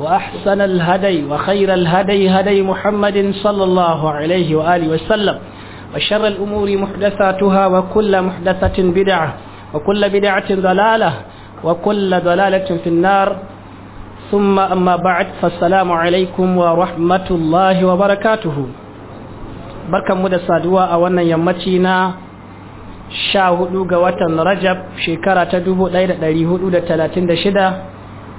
وأحسن الهدي وخير الهدي هدي محمد صلى الله عليه وآله وسلم وشر الأمور محدثاتها وكل محدثة بدعة وكل بدعة ضلالة وكل ضلالة في النار ثم أما بعد فالسلام عليكم ورحمة الله وبركاته بركة مدى صادوة أولا يمتينا شاهدوا قوة رجب شكرة دبو ليلة ليهود 36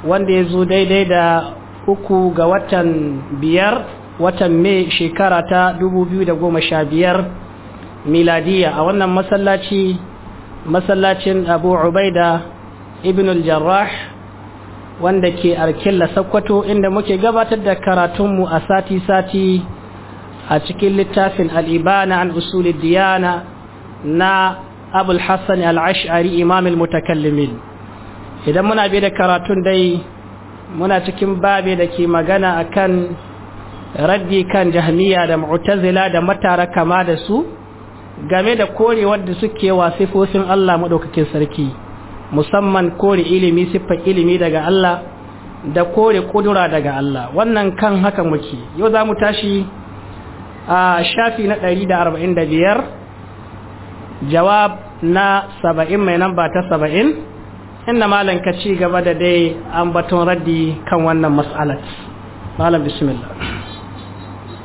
wanda ya zo daidai da uku ga watan biyar watan mai shekara ta da goma sha biyar miladiya a wannan masallaci masallacin abu ubaida ibn al-jarrah wanda ke arkilla sakwato inda muke gabatar da karatunmu a sati-sati a cikin littafin al'ibana an usulid diyana na abul hassan al'ash'ari imamil mutakallimin idan muna bi da karatun dai muna cikin babe da ke magana a kan raddi kan jahmiya da mu'tazila da matara kama da su game da kore wanda suke wa sifofin Allah madaukakin sarki musamman kore ilimi siffar ilimi daga Allah da kore kudura daga Allah wannan kan haka muke yau za mu tashi a shafi na ɗari da da arba'in biyar jawab na saba'in mai namba ta saba'in. inda malam ka ci gaba da dai ambaton raddi kan wannan mas'alat malam bismillah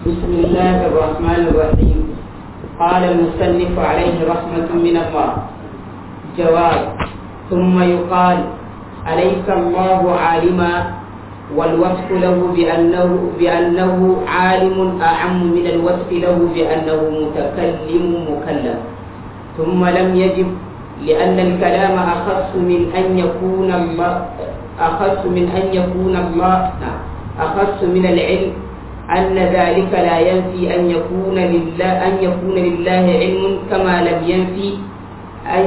bismillahir rahmanir rahim qala al-musannif alayhi rahmatun min Allah jawab thumma yuqal alaysa Allah alima wal wasf lahu bi annahu bi annahu alimun a'ammu min al wasf lahu bi annahu mutakallim thumma lam yajib لأن الكلام أخص من أن يكون الله أخص من أن يكون الله أخص من العلم أن ذلك لا ينفي أن يكون لله أن يكون لله علم كما لم ينفي أن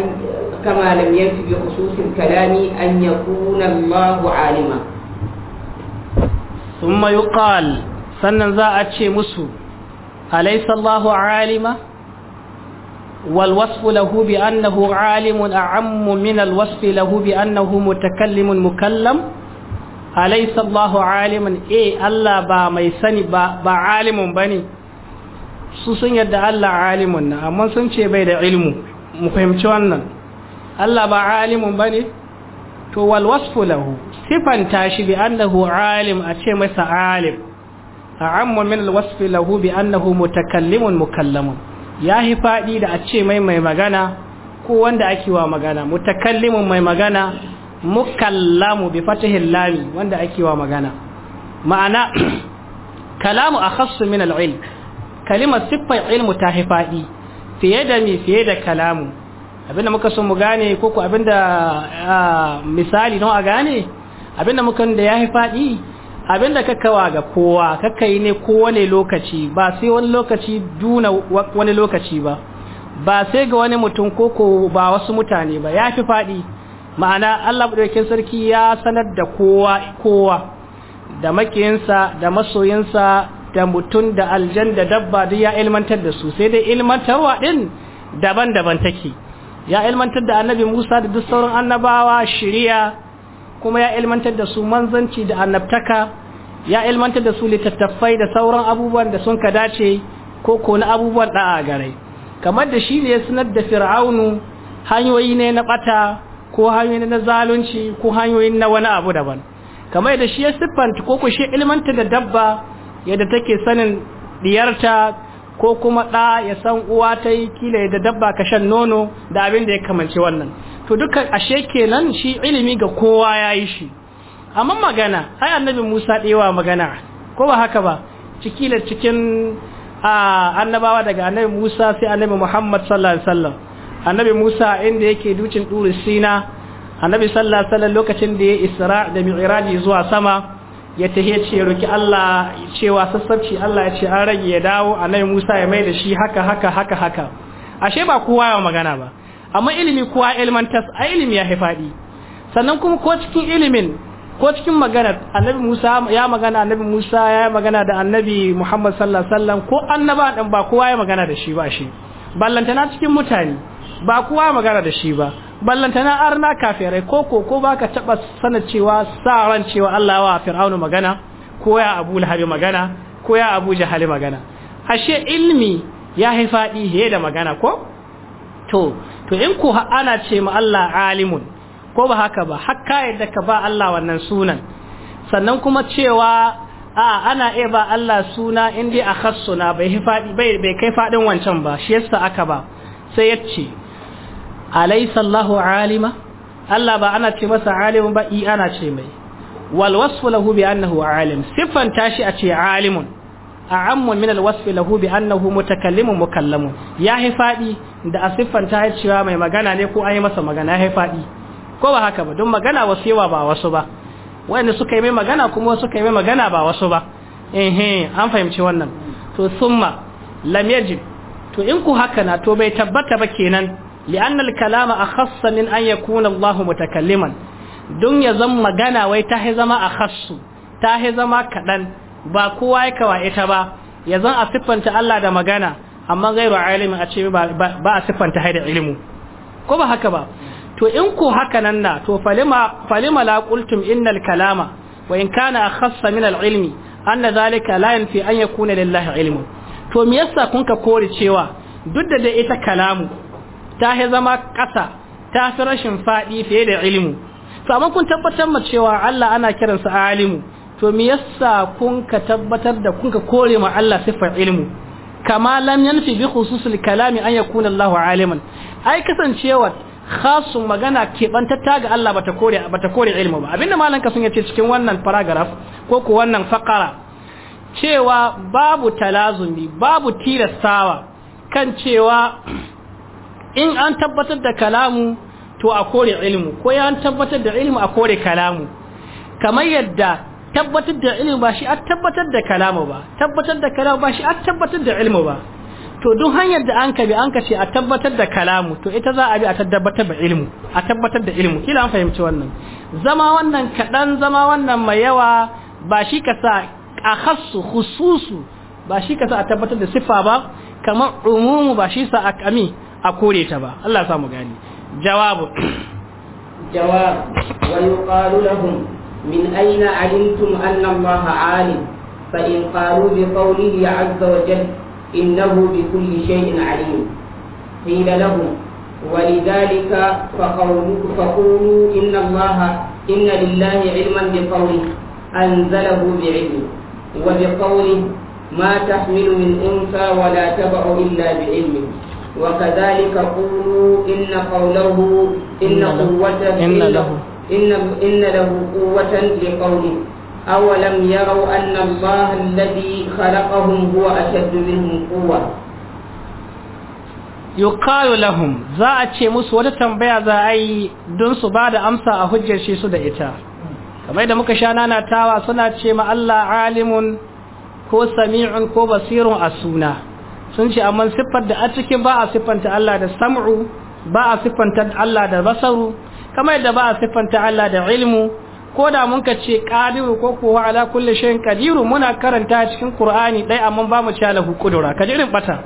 كما لم ينفي بخصوص الكلام أن يكون الله عالما ثم يقال sannan za a ce musu alaisallahu alima والوصف له بأنه عالم أعم من الوصف له بأنه متكلم مكلم أليس الله عالما إيه الله با ميسني با, با عالم بني سوسن يد الله عالم أما سنشي بيد علم مفهم شوانا الله با عالم بني تو والوصف له صفا تاشي بأنه عالم أشي ميسا عالم أعم من الوصف له بأنه متكلم مكلم ya yi faɗi da a ce mai mai magana ko wanda ake wa magana mutakallimin mai magana mukallamu bi fatihin lami wanda ake wa magana ma'ana kalamu a khassu min al'il kalimar siffar ilmu ta yi faɗi fiye da mi fiye da kalamu abinda muka sun mu gane ko ku abinda misali don a gane abinda muka da ya yi faɗi Abin da ka kawa ga kowa kaka yi ne kowane lokaci ba sai wani lokaci duna wani lokaci ba ba sai ga wani mutum ko ba wasu mutane ba ya fi faɗi ma'ana allah ɗaukin sarki ya sanar da kowa kowa da makiyinsa da masoyinsa da mutum da aljan da dabba duk ya ilmantar da su sai dai ilmantarwa ɗin daban-daban take ya ilmantar da annabi musa da duk sauran annabawa shirya kuma ya ilmantar da su manzanci da annabtaka ya ilmantar da su littattafai da sauran abubuwan da sun ka dace ko ko na abubuwan da'a gare kamar da shi ne ya sanar da fir'aunu hanyoyi ne na bata ko hanyoyi na zalunci ko hanyoyi na wani abu daban kamar da shi ya siffanta ko ko shi ilmantar da dabba yadda take sanin diyarta ko kuma da ya san uwa ta yi kila da dabba ka shan nono da abin da ya kamance wannan to duka ashe kenan shi ilimi ga kowa yayi shi amma magana ai annabi Musa ɗaya magana ko ba haka ba ciki da cikin annabawa daga annabi Musa sai annabi Muhammad sallallahu alaihi wasallam annabi Musa inda yake ducin duri Sina annabi sallallahu alaihi wasallam lokacin da ya Isra da Mi'raj zuwa sama ya tahe ce roki Allah cewa sassabci Allah ya ce an rage ya dawo annabi Musa ya mai da shi haka haka haka haka ashe ba kowa ya magana ba amma ilimi kuwa ilmantas a ilimi ya faɗi sannan kuma ko cikin ilimin ko cikin magana annabi Musa ya magana annabi Musa ya magana da annabi Muhammad sallallahu alaihi wasallam ko annaba dan ba kowa ya magana da shi ba shi ballantana cikin mutane ba kowa magana da shi ba ballantana arna kafirai ko ko ko baka taba sana cewa saran cewa Allah wa fir'aunu magana ko ya Abu Lahab magana ko ya Abu Jahal magana ashe ilmi ya haifadi he da magana ko to to in ko ana ce ma Allah alimun ko ba haka ba haka yadda ka ba Allah wannan sunan sannan kuma cewa a ana iya ba Allah suna in dai a bai bai kai fadin wancan ba shi yasa aka ba sai ce alaysa Allahu alima Allah ba ana ce masa alimun ba i ana ce mai wal wasfu lahu bi annahu alim siffan tashi a ce alimun a'ammu min alwasfi lahu bi annahu mutakallimun mukallamu ya hi da a siffanta ya cewa mai magana ne ko an yi masa magana ya faɗi ko ba haka ba don magana wasu yawa ba wasu ba wanda suka yi mai magana kuma wasu suka yi mai magana ba wasu ba eh an fahimci wannan to summa lam yajib to in ku haka na to bai tabbata ba kenan li'anna al-kalama akhassa min an yakuna Allah mutakalliman dun ya zama magana wai ta zama akhassu ta zama kadan ba kowa ya kawa ita ba ya zan a siffanta Allah da magana amma gairu ilimin a ce ba a siffanta haida ilimu ko ba haka ba to in ko haka nan na to falima la qultum innal kalama wa in kana akhassa min al ilmi anna zalika la yanfi an yakuna lillahi ilmu to me yasa kun ka kore cewa duk da dai ita kalamu ta he zama kasa ta fi rashin fadi fiye da ilmu to amma kun tabbatar ma cewa Allah ana kiransa alimu to me yasa kun ka tabbatar da kun ka kore ma Allah siffar ilmu kama lam yanfi bi khususul kalami an yakuna Allahu aliman ai kasancewa khasun magana keɓantatta ga Allah bata kore bata kore ilmu ba abinda malan sun yace cikin wannan paragraph ko ku wannan faqara cewa babu talazumi babu tilastawa kan cewa in an tabbatar da kalamu to a kore ilmu ko ya an tabbatar da ilmu a kore kalamu kamar yadda tabbatar da ilimi ba shi a tabbatar da kalamu ba tabbatar da kalamu ba shi a tabbatar da ilimi ba to duk hanyar da an ka bi an ka ce a tabbatar da kalamu to ita za a bi a tabbatar da ilmu a tabbatar da ilmu kila an fahimci wannan zama wannan kaɗan zama wannan mai yawa ba shi ka sa a khassu hususu ba shi ka sa a tabbatar da siffa ba kamar umumu ba shi sa a kami a kore ta ba Allah ya samu gani jawabu jawab wa yuqalu lahum من أين علمتم أن الله عالم فإن قالوا بقوله عز وجل إنه بكل شيء عليم قيل لهم ولذلك فقولوا إن الله إن لله علما بقوله أنزله بعلمه وبقوله ما تحمل من أنثى ولا تبع إلا بعلمه وكذلك قولوا إن قوله إن قوة إن له إن, إن له قوة لقوله أولم يروا أن الله الذي خلقهم هو أشد منهم قوة yuqalu lahum za a ce musu wata tambaya za a yi don su ba da amsa a hujjar shi su da ita kamar da muka sha nanatawa suna ce ma Allah alimun ko sami'un ko basirun a suna sun ce amma siffar da a cikin ba a siffanta Allah da sam'u ba a siffanta Allah da basaru kamar yadda ba a siffanta Allah da ilmu ko da mun ka ce qadiru ko kuwa ala kulli shay'in qadiru muna karanta cikin Qur'ani ɗaya amma ba mu ci lahu ka ji irin bata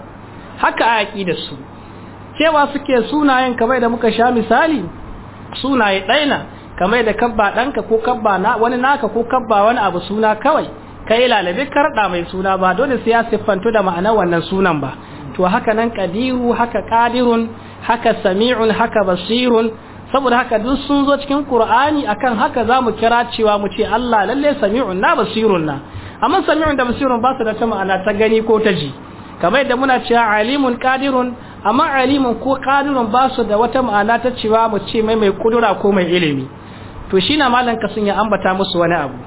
haka a aqida su cewa suke sunayen kamar da muka sha misali sunaye daina kamar da kabba danka ko kabba na wani naka ko kabba wani abu suna kawai kai lalabe karɗa mai suna ba dole sai ya siffanto da ma'ana wannan sunan ba to haka nan qadiru haka qadirun haka sami'un haka basirun saboda haka duk sun zo cikin Qur'ani akan haka zamu kira cewa mu ce Allah lalle sami'un na basirun na amma sami'un da basirun ba su da ta ma'ana ta gani ko ta ji kamar yadda muna cewa alimun qadirun amma alimun ko qadirun ba su da wata ma'ana ta cewa mu ce mai mai kudura ko mai ilimi to shi na ka sun ya ambata musu wani abu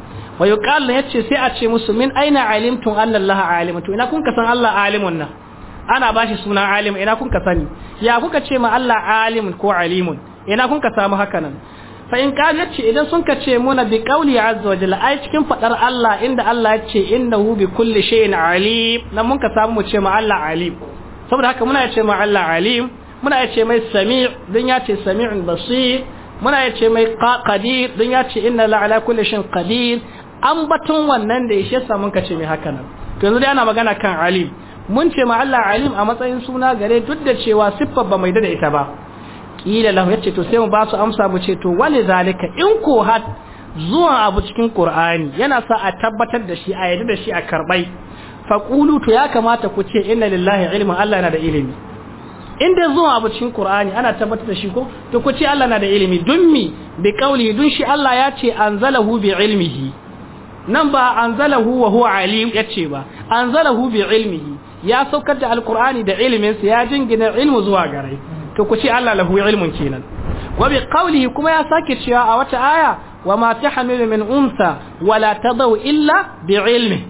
wa yuqal yace sai a ce musu min aina alimtum anna Allah alim to ina kun ka san Allah alimun na ana bashi suna alim ina kun ka sani ya kuka ce ma Allah alimun ko alimun ina kun ka samu hakanan nan fa in ka ce idan sun ka ce muna bi ya azza wa jalla ai cikin fadar Allah inda Allah ya ce innahu bi kulli shay'in alim nan mun ka samu mu ce ma Allah alim saboda haka muna ce ma Allah alim muna ce mai sami' dan ya ce sami'un basir muna ce mai qadir dan ya ce inna la ala kulli shay'in qadir an batun wannan da yashe sa mun ka ce mai hakanan to yanzu dai ana magana kan alim mun ce ma Allah alim a matsayin suna gare duk da cewa siffar ba mai da ita ba kila lahu yace to sai mu ba su amsa mu ce to wani zalika in ko har zuwa abu cikin qur'ani yana sa a tabbatar da shi a yadda da shi a karbai faqulu to ya kamata ku ce inna lillahi ilmin Allah yana da ilimi in dai zuwa abu cikin qur'ani ana tabbatar da shi ko to ku ce Allah na da ilimi dun mi bi qawli dun shi Allah ya ce anzalahu bi ilmihi nan ba anzalahu wa huwa alim yace ba anzalahu bi ilmihi ya saukar da alqur'ani da iliminsa ya jingina ilmu zuwa gare to ku ce Allah lahu ilmun kenan wa bi qawlihi kuma ya sake cewa a wata aya wa ma tahmilu min unsa wala tadau illa bi ilmi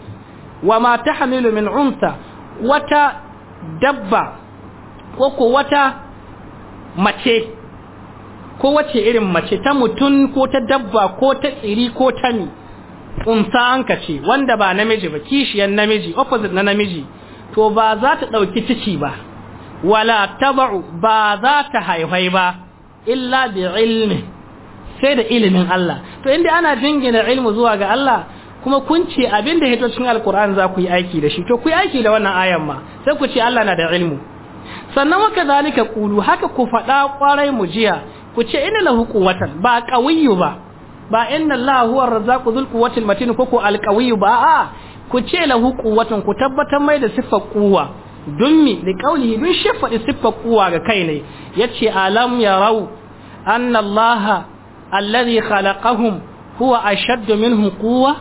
wa ma tahmilu min unsa wata dabba ko ko wata mace ko wace irin mace ta mutun ko ta dabba ko ta tsiri ko ta ni unsa an kace wanda ba namiji ba kishiyar namiji opposite na namiji to ba za ta dauki ciki ba wala taba'u ba za ta haifai ba illa bi ilmi sai da ilimin Allah to inda ana jingina ilmu zuwa ga Allah kuma kun ce abin da hito cikin alkur'ani za ku yi aiki da shi to ku yi aiki da wannan ayan ma sai ku ce Allah na da ilmu sannan waka zalika kulu haka ku faɗa kwarai mu jiya ku ce ina lahu quwwatan ba qawiyyu ba ba inna Allah huwa razzaqu dhul quwwatil matin ko ku al ba a ku ce lahu quwwatan ku tabbatar mai da siffar kuwa. dun da kaulihi dun shi faɗi siffar kuwa ga kai ne Ya yace alam yarau anna Allah alladhi khalaqahum huwa ashaddu minhum quwwa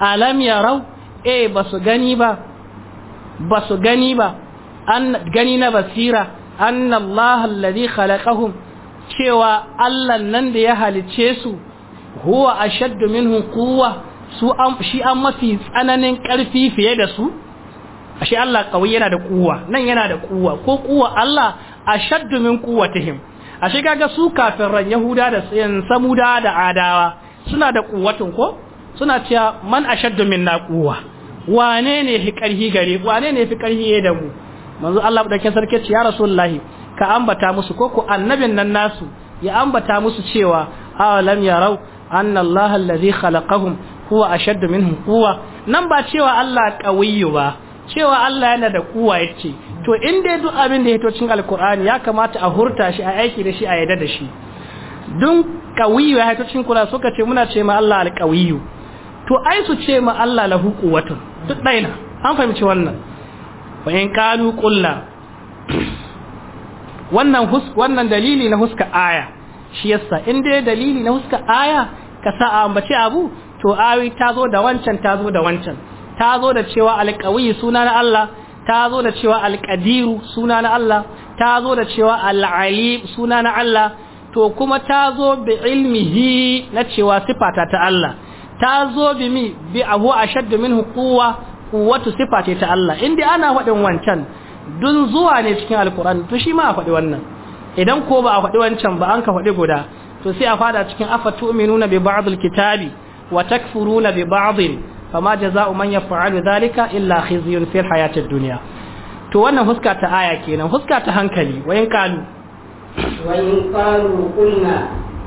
alam yarau eh basu gani ba basu gani ba an gani na basira anna Allah alladhi khalaqahum cewa Allah nan da ya halice su huwa ashaddu minhum quwwa su an shi an mafi tsananin ƙarfi fiye da su ashe Allah kawai yana da kuwa nan yana da kuwa ko kuwa Allah ashaddu min quwwatihim ashe kaga su kafiran yahuda da samuda da adawa suna da kuwatun ko suna cewa man ashaddu na kuwa. wane ne fi karhi gare wane ne fi karhi da mu manzo Allah da ke sarki ya rasulullahi ka ambata musu ko ku annabin nan nasu ya ambata musu cewa awalam yarau anna Allah allazi khalaqahum huwa ashaddu minhum quwwa nan ba cewa Allah qawiyyu ba cewa Allah yana da kuwa ya ce to in dai duk abin da ya cikin alkur'ani ya kamata a hurta shi a aiki da shi a yadda da shi don kawiyu ya haito cikin kula suka ce muna ce ma Allah alkawiyu to ai su ce ma Allah lahu quwwatun duk daina an fahimci wannan wa in qalu qulla wannan hus wannan dalili na huska aya shi yasa in dai dalili na huska aya ka sa'a ambace abu to awi ta zo da wancan ta zo da wancan ta zo da cewa alƙawi suna na Allah ta zo da cewa alƙadiru suna na Allah ta zo da cewa al'ali suna na Allah to kuma ta zo bi ilmihi na cewa sifata ta Allah ta zo bi mi bi abu ashaddu minhu quwwa quwwatu sifata ta Allah indai ana faɗin wancan dun zuwa ne cikin alquran to shi ma a faɗi wannan idan ko ba a faɗi wancan ba an ka faɗi guda to sai a fada cikin afatu'minuna bi ba'dil kitabi wa takfuruna bi ba'dil fama jaza'u man yaf'alu dhalika illa khizyun fil hayatid dunya to wannan huska ta aya kenan huska ta hankali wayin kalu wayin qalu qulna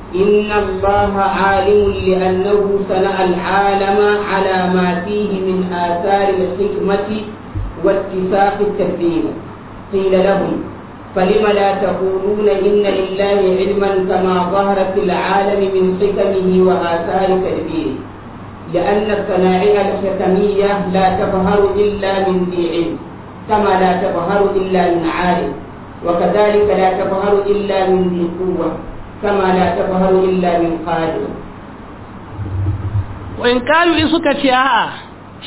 inna allaha alimun li annahu sana'a al'alama ala ma fihi min athari al-hikmati wa ittifaq at-tadbir qila lahum فلم لا تقولون إن لله علما كما ظهر في العالم من حكمه وآثار تدبيره لأن الصناعي الختمية لا تظهر إلا من ذي علم كما لا تظهر إلا من عالم وكذلك لا تظهر إلا من ذي قوة كما لا تظهر إلا من قادر وإن قالوا لسكة آه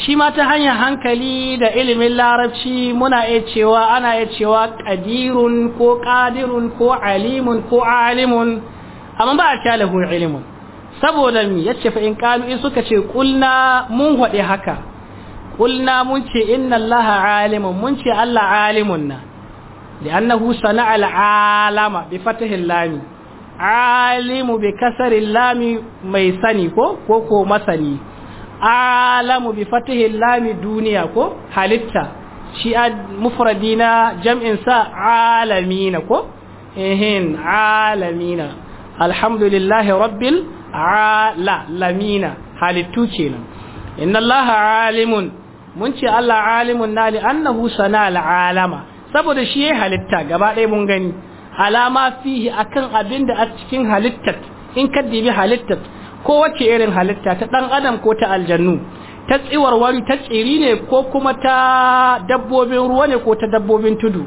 shi ma ta hanyar hankali da ilimin larabci muna iya cewa ana iya cewa ƙadirun ko ƙadirun ko alimun ko alimun amma ba a ce lahu ilimun saboda mi yace fa in kanu in suka ce kulna mun hade haka kulna mun ce inna allaha alimun mun ce allah alimun na li'annahu sana'a al'alama bi fathihi lam alimu bi kasri lam mai sani ko ko ko masani alamu bi fathihi lam duniya ko halitta shi mufradina jam'in sa alamina ko ehin alamina alhamdulillahi rabbil ala lamina halittu kenan inna allaha alimun mun ce Allah alimun na li annahu sana alama saboda shi ya halitta gaba ɗaya mun gani alama fihi akan abin da a cikin halittat in ka dibi halittat ko wacce irin halitta ta ɗan adam ko ta aljannu ta tsiwarwari ta tsiri ne ko kuma ta dabbobin ruwa ne ko ta dabbobin tudu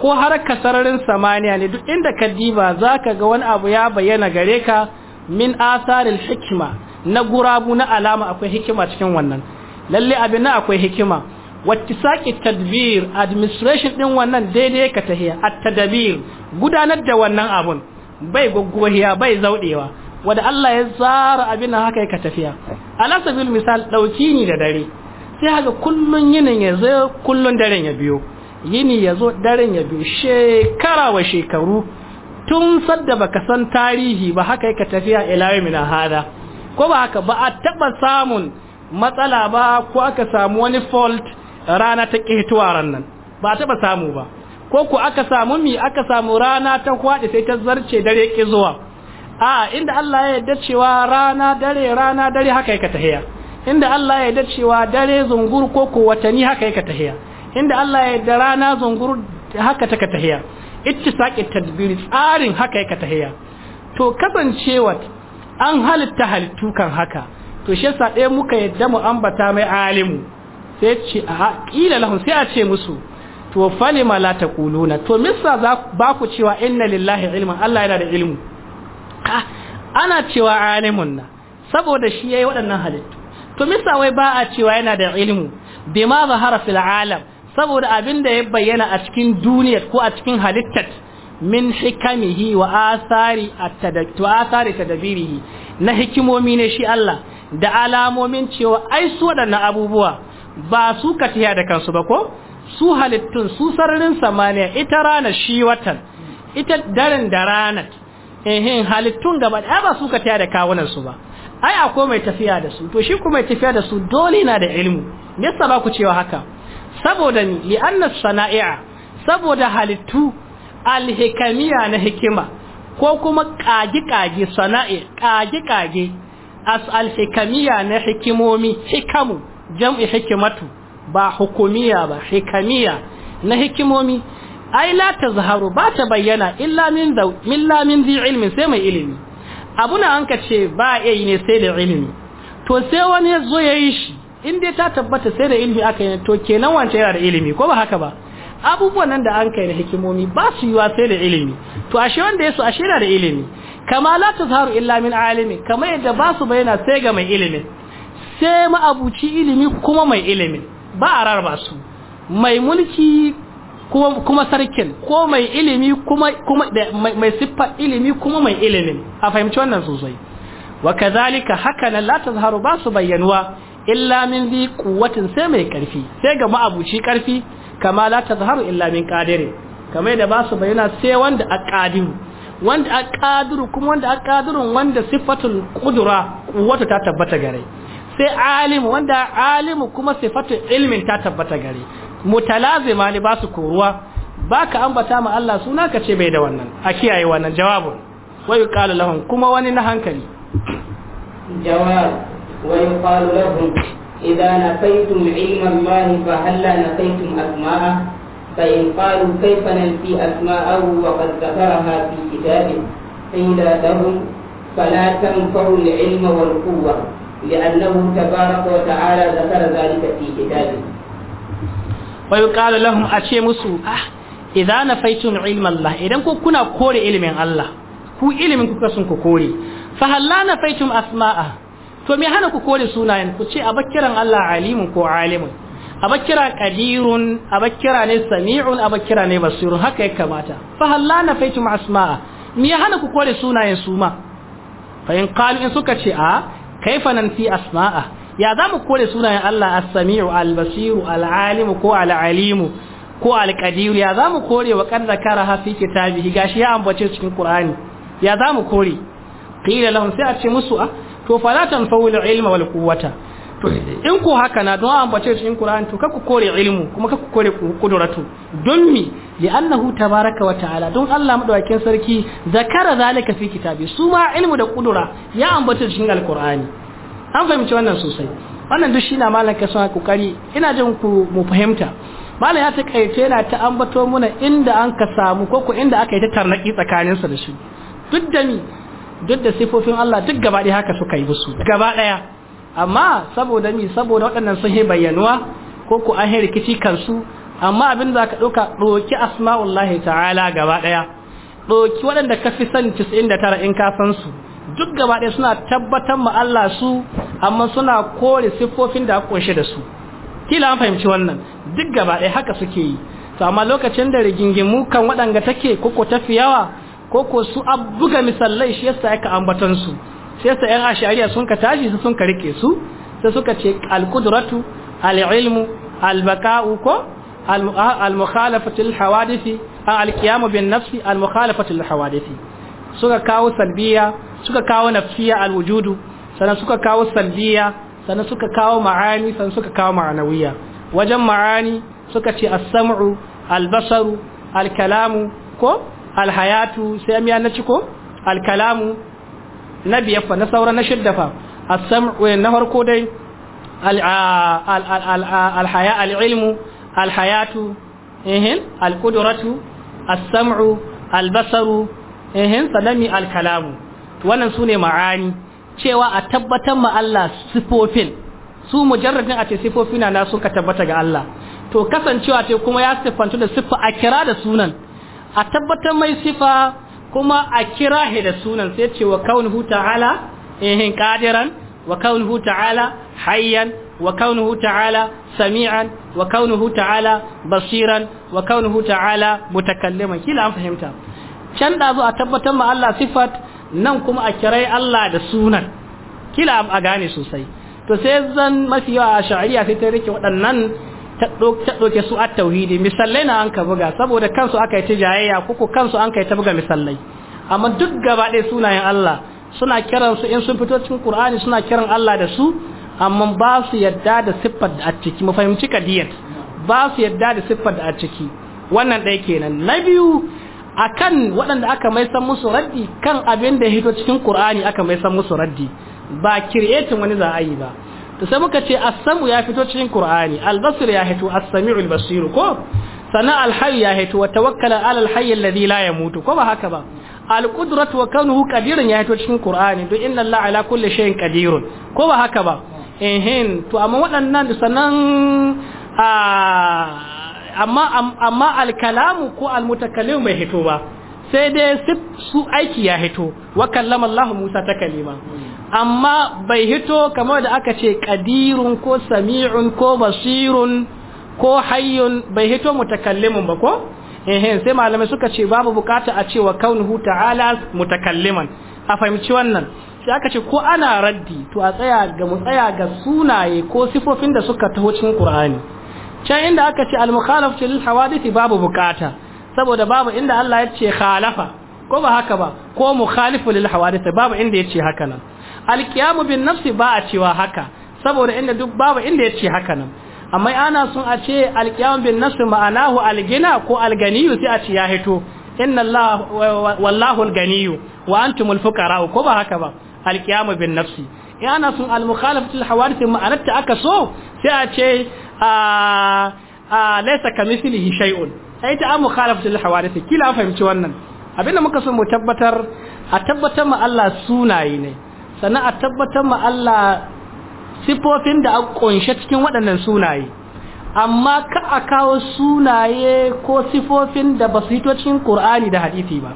ko har ka sararin samaniya ne duk inda ka diba za ka ga wani abu ya bayyana gare ka min asaril hikima na gurabu na alama akwai hikima cikin wannan lalle abin na akwai hikima wacce wattisaki tadbir administration din wannan daidai ka tahiya at tadbir gudanar da wannan abun bai hiya bai zaudewa wanda Allah ya zara abin nan haka ka tafiya alasa bil misal dauki ni da dare sai haka kullun yinin ya zo kullun daren ya biyo yini ya zo daren ya biyo shekara wa shekaru tun sadda baka san tarihi ba haka yake tafiya ila yawmina hada ko ba haka ba a taba samun matsala ba ko aka samu wani fault rana ta kihtuwa rannan ba a taba samu ba ko ku aka samu mi aka samu rana ta kwaɗe sai ta zarce dare ki zuwa a inda Allah ya yarda cewa rana dare rana dare haka yake tahiya inda Allah ya yarda cewa dare zungur ko ko watanni haka yake tahiya inda Allah ya yarda rana zungur haka take tahiya sake tadbiri tsarin haka yaka tahiya to kasancewa an halitta halittu kan haka to shi yasa ɗaya muka yadda mu ambata mai alimu sai ce a kila lahun sai a ce musu to falima la taquluna to missa za ba ku cewa inna lillahi ilman Allah yana da ilmu ana cewa alimun na saboda shi yayi waɗannan halittu to missa wai ba a cewa yana da ilmu bima zahara fil alam saboda abin da ya bayyana a cikin duniyar ko a cikin halittar min hikamihi wa asari tadabirihi na hikimomi ne shi Allah da alamomin cewa ai su waɗannan abubuwa ba su ka tiya da kansu ba ko su halittun su sararin samaniya ita rana shi watan ita darin da ranar ehin halittun gaba ɗaya ba su ka tiya da kawunansu ba ai akwai mai tafiya da su to shi kuma mai tafiya da su dole na da ilmu me yasa ba ku cewa haka saboda ni sana'a sana'i'a saboda halittu alhikamiya na hikima ko kuma kage kaji sana'i kaji kaji as alhikamiya na hikimomi hikamu jam'i hikimatu ba hukumiya ba hikamiya na hikimomi ai la tazharu ba ta bayyana illa min min la min zi ilmi sai mai ilimi abuna an ka ce ba yayi ne sai da ilimi to sai wani ya zo yayi shi in dai ta tabbata sai da ilimi aka yi to kenan wance yana da ilimi ko ba haka ba abubuwan nan da an kai da hikimomi ba su yiwa sai da ilimi to ashe wanda ya su ashe yana da ilimi kama la tazharu illa min alimi kama yadda ba su bayyana sai ga mai ilimi sai ma'abuci ilimi kuma mai ilimi ba a rarraba su mai mulki kuma kuma sarkin ko mai ilimi kuma kuma mai siffa ilimi kuma mai ilimin a fahimci wannan sosai wa kazalika haka la tazharu ba su bayyanuwa illa min zi quwwatin sai mai karfi sai ga ma'abuci karfi kama la tazharu illa min qadirin kamar da ba su bayyana sai wanda aqadiru wanda kuma wanda aqadirun wanda sifatul kudura quwwata ta tabbata gare sai alim wanda alimu kuma sifatul ilmin ta tabbata gare mutalazima ne ba su koruwa baka ambata ma Allah suna ka ce bai da wannan a kiyaye wannan jawabun wa yuqalu lahum kuma wani na hankali jawab ويقال لهم إذا نفيتم علم الله فهلا نفيتم أسماءه فإن قالوا كيف ننفي أسماءه وقد ذكرها في كتابه قيل لهم فلا تنفع العلم والقوة لأنه تبارك وتعالى ذكر ذلك في كتابه ويقال لهم أشي مسو أه إذا نفيتم علم الله إذا كنا كوري علم الله ku ilimin kuka sun ku kore fa halla na faitum asma'a to me hana ku kore sunayen ku ce a bakiran Allah alimun ko alimun a bakira qadirun a ne sami'un a ne basirun haka ya kamata fa na faitu asma'a me hana ku kore sunayen su ma fa in qalu in suka ce a kaifa nan fi asma'a ya za mu kore sunayen Allah as-sami'u al-basiru al-alimu ko al-alimu ko al-qadir ya za mu kore wa kan zakara fi kitabihi gashi ya ambace cikin qur'ani ya za mu kore qila lahum sai a ce musu a to falatan tanfawul ilma wal quwwata to in ku haka na don ambace shi in Qur'an to kaku kore ilmu kuma kaku kore kudratu don mi annahu tabaraka wa ta'ala don Allah madawakin sarki zakara zalika fi kitabi su ma ilmu da kudura ya ambace cikin alqur'ani an fahimci wannan sosai wannan duk shine na ka son kokari ina jin ku mu fahimta malam ya takaice yana ta ambato muna inda an ka samu ko ku inda aka yi ta tarnaki tsakaninsa da shi duk da mi duk da sifofin Allah duk gaba ɗaya haka suka yi musu gaba ɗaya amma saboda mi saboda waɗannan sun yi bayyanuwa ko ku an yi rikici kansu amma abin da ka ɗauka ɗoki asma'ullahi ta'ala gaba ɗaya ɗoki waɗanda ka fi san 99 in ka san su duk gaba ɗaya suna tabbatar ma Allah su amma suna kore sifofin da ƙunshe da su kila an fahimci wannan duk gaba ɗaya haka suke yi to amma lokacin da rigingimu kan waɗanga take ku tafi yawa ko ko su abuga misallai shi yasa aka ambatan su sai yasa yan ashariya sun ka tashi su sun ka rike su sai suka ce al-qudratu al-ilmu al-baka'u ko al-mukhalafatu al-hawadisi al-qiyamu bin nafsi al-mukhalafatu al-hawadisi suka kawo salbiya suka kawo nafsiya al-wujudu sannan suka kawo salbiya sannan suka kawo ma'ani sannan suka kawo ma'anawiya wajen ma'ani suka ce as-sam'u al-basaru al-kalamu ko alhayatu sai amiya na ciko alkalamu na fa na saura na shiddafa as-sam'u eh, na farko dai alhaya al'ilmu alhayatu ehin alqudratu as albasaru ehin sanami alkalamu wannan sune ma'ani cewa a tabbatar ma Allah sifofin su mujarradin a ce sifofina na suka tabbata ga Allah to kasancewa ce kuma ya sifantu da siffa a kira da sunan a tabbatar mai sifa kuma a kira shi da sunan sai ce wa kaunuhu ta'ala ehin qadiran wa kaunuhu ta'ala hayyan wa kaunuhu ta'ala sami'an wa kaunuhu ta'ala basiran wa kaunuhu ta'ala mutakalliman kila an fahimta can da zo a tabbatar ma Allah sifat nan kuma a kirai Allah da sunan kila a gane sosai to sai zan mafi yawa a sha'ariya sai ta rike waɗannan ta ɗauke su a tauhidi misallai na an ka buga saboda kansu aka yi ta jayayya kuku kansu an ka yi ta buga misallai amma duk gaba ɗaya sunayen Allah suna kiran su in sun fito cikin Qur'ani suna kiran Allah da su amma ba su yadda da siffar da a ciki mu fahimci kadiyat ba su yadda da siffar da a ciki wannan ɗaya kenan na biyu akan waɗanda aka mai san musu raddi kan abin da ya hito cikin Qur'ani aka mai san musu raddi ba kiretin wani za a yi ba to sai muka ce as ya fito cikin qur'ani al ya hito as-sami'ul basir ko sana al ya hito wa tawakkala ala al-hayy alladhi la yamutu ko ba haka ba al wa kaunuhu qadirun ya hito cikin qur'ani to inna allaha ala kulli shay'in qadirun ko ba haka ba ehin to amma waɗannan sanan amma amma al ko al bai hito ba sai dai su aiki ya hito wa kallama Allah Musa ta kalima amma bai hito kamar da aka ce ƙadirun ko sami'un ko basirun ko hayyun bai hito mutakallimun ba ko eh sai malamai suka ce babu bukata a cewa kaunuhu ta'ala mutakalliman a fahimci wannan sai aka ce ko ana raddi to a tsaya ga mu tsaya ga sunaye ko sifofin da suka taho cikin Qur'ani can inda aka ce al-mukhalafatu lil hawadithi babu bukata saboda babu inda Allah ya ce khalafa ko ba haka ba ko mukhalifu lil hawadith babu inda ya ce haka nan alkiyamu bin nafsi ba a cewa haka saboda inda duk babu inda ya ce haka nan amma ana sun a ce alkiyamu bin nafsi ma'anahu algina ko alganiyu sai a ce ya hito inna allah wallahu alganiyu wa ko ba haka ba alkiyamu bin nafsi in ana sun almukhalafatul hawadith ma'anarta aka so sai a ce a a laysa kamithlihi shay'un ai ta mukhalafatul hawadith kila fahimci wannan abinda muka so mu tabbatar a tabbatar ma Allah sunaye ne sannan a tabbatar ma Allah sifofin da an ƙunshi cikin waɗannan sunaye amma ka a kawo sunaye ko sifofin da ba su hito cikin ƙur'ani da hadisi ba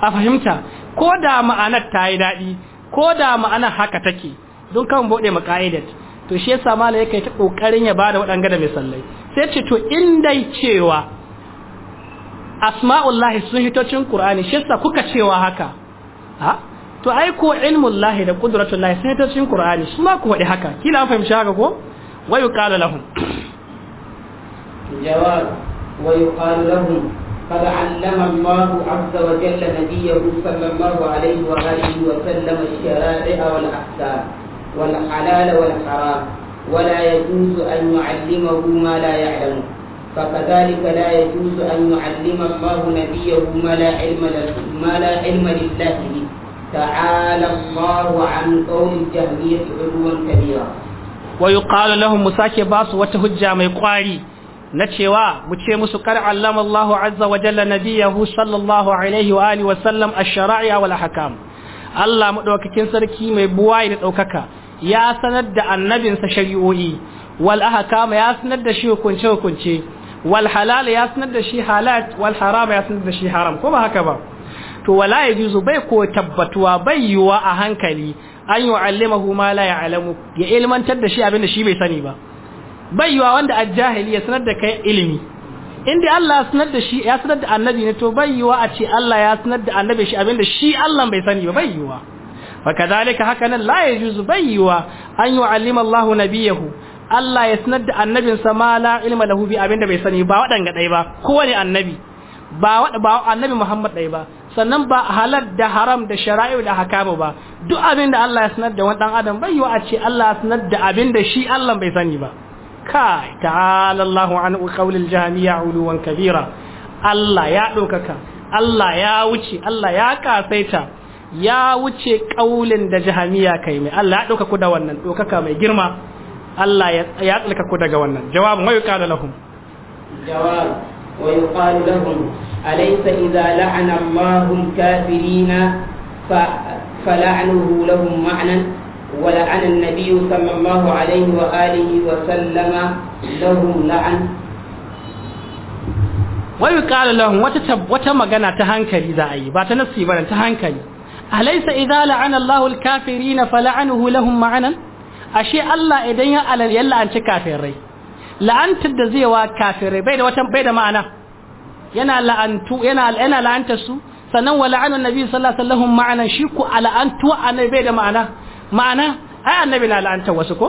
a fahimta ko da ma'anar ta yi daɗi ko da ma'anar haka take don kan bude mu ka'idat to shi yasa mala yake ta kokarin ya bada waɗanga da misalai sai ce to in dai cewa asma'ullahi sun hito cikin Qur'ani shi yasa kuka cewa haka to aiko ko da kudratu Allah ta cikin Qur'ani su ma ku wadi haka kila an fahimci haka ko wa yuqalu lahum jawab wa yuqalu lahum qad allama Allah 'azza wa jalla nabiyahu sallallahu alayhi wa alihi wa sallam ash-shara'a wal ahkam wal halal wal haram wa la yajuzu an yu'allimahu ma la ya'lamu فكذلك لا يجوز أن يعلم الله نبيه ما لا علم لله تعالى الله عن قوم الجهمية علوا كبيرا ويقال لهم مساكي باس وتهجى ميقاري نتشوا متشي مسكر علم الله عز وجل نبيه صلى الله عليه وآله وسلم الشرائع والأحكام Allah maɗaukakin sarki mai buwaye da ɗaukaka ya sanar da annabinsa shari'o'i wal ahkama ya sanar da shi hukunce hukunce wal halal ya sanar da shi halal wal ya sanar da shi haram ko ba haka ba to wala juzu bai ko tabbatuwa bai yiwa a hankali an yu'allimahu ma la alamu ya ilmantar da shi abin da shi bai sani ba bai yiwa wanda a jahili ya sanar da kai ilimi inda Allah sanar da shi ya sanar da annabi ne to bai yiwa a ce Allah ya sanar da annabi shi da shi Allah bai sani ba bai yiwa fa kadalika haka nan la juzu bai yiwa an yi yu'allima Allahu nabiyahu Allah ya sanar da sa ma la ilma lahu bi da bai sani ba waɗanga ɗaya ba kowane annabi ba ba annabi Muhammad ɗaya ba sannan ba halar da haram da shara'i da hakamu ba duk abin da Allah ya sanar da wani adam bai yiwa a ce Allah ya sanar da abin da shi Allah bai sani ba kai ta'ala Allahu an qawlil jahmiya uluwan kabira Allah ya ɗaukaka Allah ya wuce Allah ya kasaita ya wuce ƙaulin da jahamiya kai mai Allah ya ɗauka ku da wannan ɗaukaka mai girma Allah ya tsalka ku daga wannan jawabin wayo da lahum jawab ويقال لهم أليس إذا لعن الله الكافرين فلعنه لهم معنى ولعن النبي صلى الله عليه وآله وسلم لهم لعن wai kala lahum wata wata magana ta hankali za a ba ta nafsi ba ta hankali alaysa idza la'ana Allahu al-kafirina ma'anan ashe Allah idan ya alal kafirai la'antar da zai wa kafirai bai da wata bai da ma'ana yana la'antu yana yana la'antar su sannan wa la'ana nabi sallallahu alaihi wasallam ma'ana shi ku la'antu annabi bai da ma'ana ma'ana ai annabi na la'anta wasu ko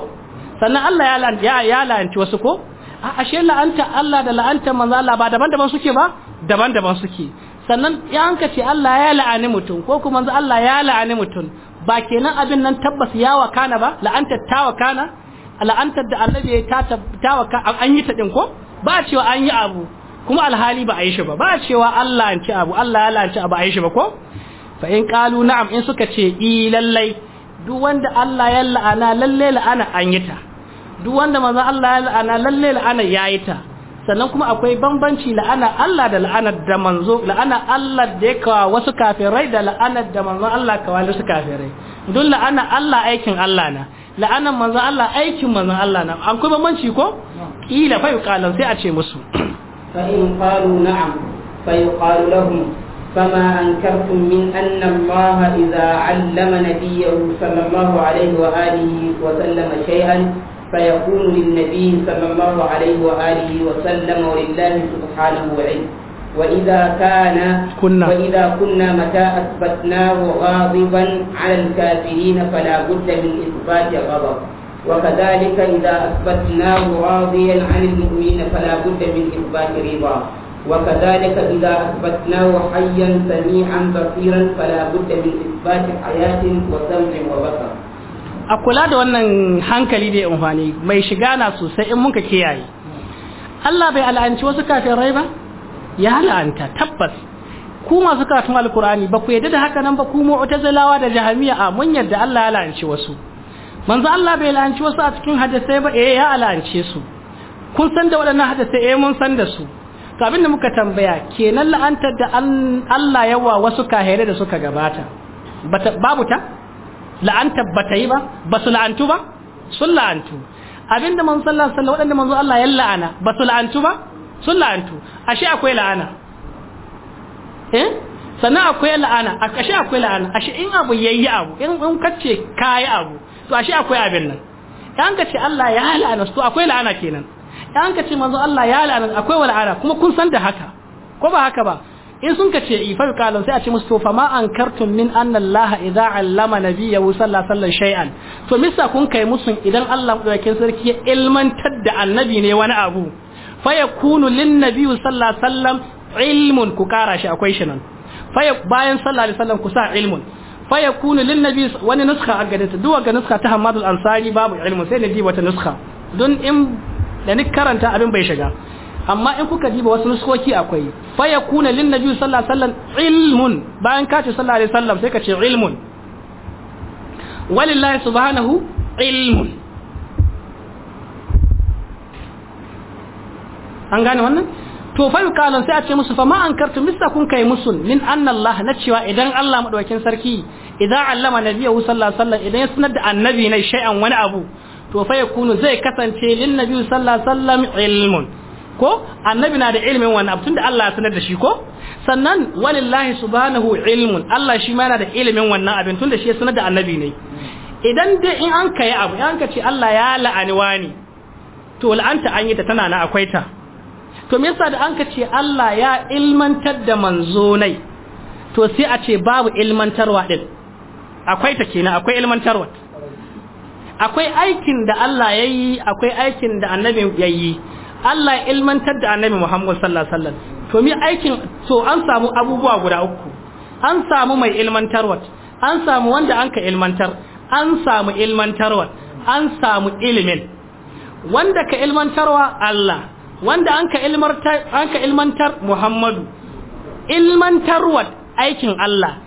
sannan Allah ya la'anta ya la'anci wasu ko a ashe la'anta Allah da la'anta manzo Allah ba daban-daban suke ba daban-daban suke sannan ya hanka ce Allah ya la'ani mutum ko kuma manzo Allah ya la'ani mutum ba kenan abin nan tabbas ya wakana ba la'antar ta wakana la'antar da annabi ya ta tawaka an yi ta din ko ba cewa an yi abu kuma alhali ba a yi shi ba ba cewa Allah an ci abu Allah ya lanci abu a yi shi ba ko fa in qalu na'am in suka ce i lallai duk wanda Allah ya la'ana lalle la'ana an yi ta duk wanda manzo Allah ya la'ana lalle la'ana yayi ta sannan kuma akwai bambanci la'ana Allah da la'ana da manzo la'ana Allah da ka wasu kafirai da la'ana da manzo Allah ka wasu kafirai duk la'ana Allah aikin Allah na la'anan manzan Allah aikin manzan Allah na an kuma manci ko kila fa yuqalu sai a ce musu fa in qalu na'am fa yuqalu lahum فما أنكرتم من أن الله إذا علم نبيه صلى الله عليه وآله وسلم شيئا فيكون للنبي صلى wa sallama wa وسلم Subhanahu wa علم وإذا كان كنا وإذا كنا متى أثبتناه غاضبا على الكافرين فلا بد من إثبات غضب وكذلك إذا أثبتناه راضيا عن المؤمنين فلا بد من إثبات رضا وكذلك إذا أثبتناه حيا سميعا بصيرا فلا بد من إثبات حياة وسمع وبصر a kula da wannan hankali da amfani mai shiga na sosai in muka kiyaye Allah bai al'anci wasu kafirai ba ya la'anta tabbas ku masu karatun alkur'ani ba ku yadda da haka nan ba ku mu'tazilawa da jahamiya a mun yadda Allah ya la'anci wasu manzo Allah bai la'anci wasu a cikin hadisai ba eh ya la'ance su kun san da waɗannan hadisai eh mun san da su to abin da muka tambaya kenan la'antar da Allah yawa wasu kahere da suka gabata babu ta la'anta bata yi ba ba su la'antu ba sun la'antu abinda manzo Allah sallallahu alaihi wasallam waɗanda manzo Allah ya la'ana ba su la'antu ba sun la'antu ashe akwai la'ana eh sannan akwai la'ana ashe akwai la'ana ashe in abu yayi abu in in kace kai abu to ashe akwai abin nan dan ka ce Allah ya la'ana to akwai la'ana kenan dan ka ce manzo Allah ya la'ana akwai wal'ana kuma kun san da haka ko ba haka ba in sun ka ce ifar kalon sai a ce musu fa ma an kartun min anna Allah idza allama nabiyya wa sallallahu alaihi shay'an to misa kun kai musun idan Allah madaukakin sarki ya ilmantar da annabi ne wani abu Faya kunu lin nabiy sallallahu alaihi wasallam ilmun ku kara shi akwai shi nan faya bayan sallallahu alaihi wasallam ku sa ilmun Faya kunu lin nabiy wani nuskha a gare ta duwa ga nuskha ta Hamadul Ansari babu ilmun sai ne di wata nuskha don in da ni karanta abin bai shiga amma in kuka diba wasu nuskoki akwai faya kunu lin nabiy sallallahu alaihi wasallam ilmun bayan ka ce sallallahu alaihi wasallam sai ka ce ilmun walillahi subhanahu ilmun an gane wannan to fa sai a ce musu fa ma ankartum misa kun kai musu min anna Allah na cewa idan Allah sarki idan allama nabiyahu sallallahu alaihi wasallam idan ya sanar da annabi ne shay'an wani abu to fa yakunu zai kasance lin nabi sallallahu alaihi wasallam ilmun ko annabi na da ilmin wannan abu tunda Allah ya sanar da shi ko sannan walillahi subhanahu ilmun Allah shi ma yana da wannan abin tunda shi ya sanar da annabi ne idan dai in an kai abu in an ce Allah ya la'ani wani to la'anta an yi ta tana na akwai ta to me yasa da an ka ce Allah ya ilmantar da manzo nai to sai a ce babu ilmantarwa din akwai ta kenan akwai ilmantarwa akwai aikin da Allah ya yi akwai aikin da annabi ya yi Allah ya ilmantar da annabi Muhammad sallallahu alaihi wasallam to me aikin to an samu abubuwa guda uku an samu mai ilmantarwa an samu wanda an ka ilmantar an samu ilmantarwa an samu ilimin wanda ka ilmantarwa Allah wanda anka ilmantar anka ilmantar Muhammadu ilmantarwa aikin Allah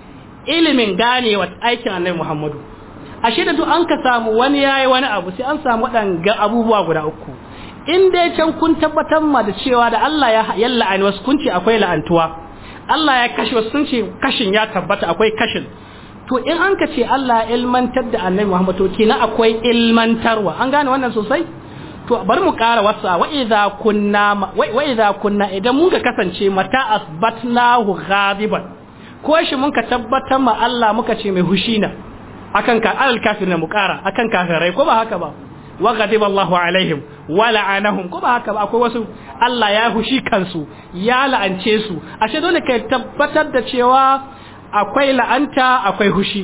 ilimin ganewa aikin Annabi Muhammadu ashe da duk an ka samu wani yayi wani abu sai an samu ga abubuwa guda uku in dai can kun tabbatar ma da cewa da Allah ya yalla ayi wasu kunci akwai la'antuwa Allah ya kashe wasu kunci kashin ya tabbata akwai kashin to in an ka ce Allah ya ilmantar da Annabi Muhammadu kina akwai ilmantarwa an gane wannan sosai to bari mu ƙara wasu a, wa'iza kunna wa kunna idan mun ka kasance mata asbatnahu ghadiban ko shi mun ka tabbatar ma Allah muka ce mai hushi na? akan ka alal al na mu ƙara akan kafirai ko ba haka ba wa ghadiba Allahu alaihim wa la'anahum ko ba haka ba akwai wasu Allah ya hushi kansu ya la'ance su ashe dole ka tabbatar da cewa akwai la'anta akwai hushi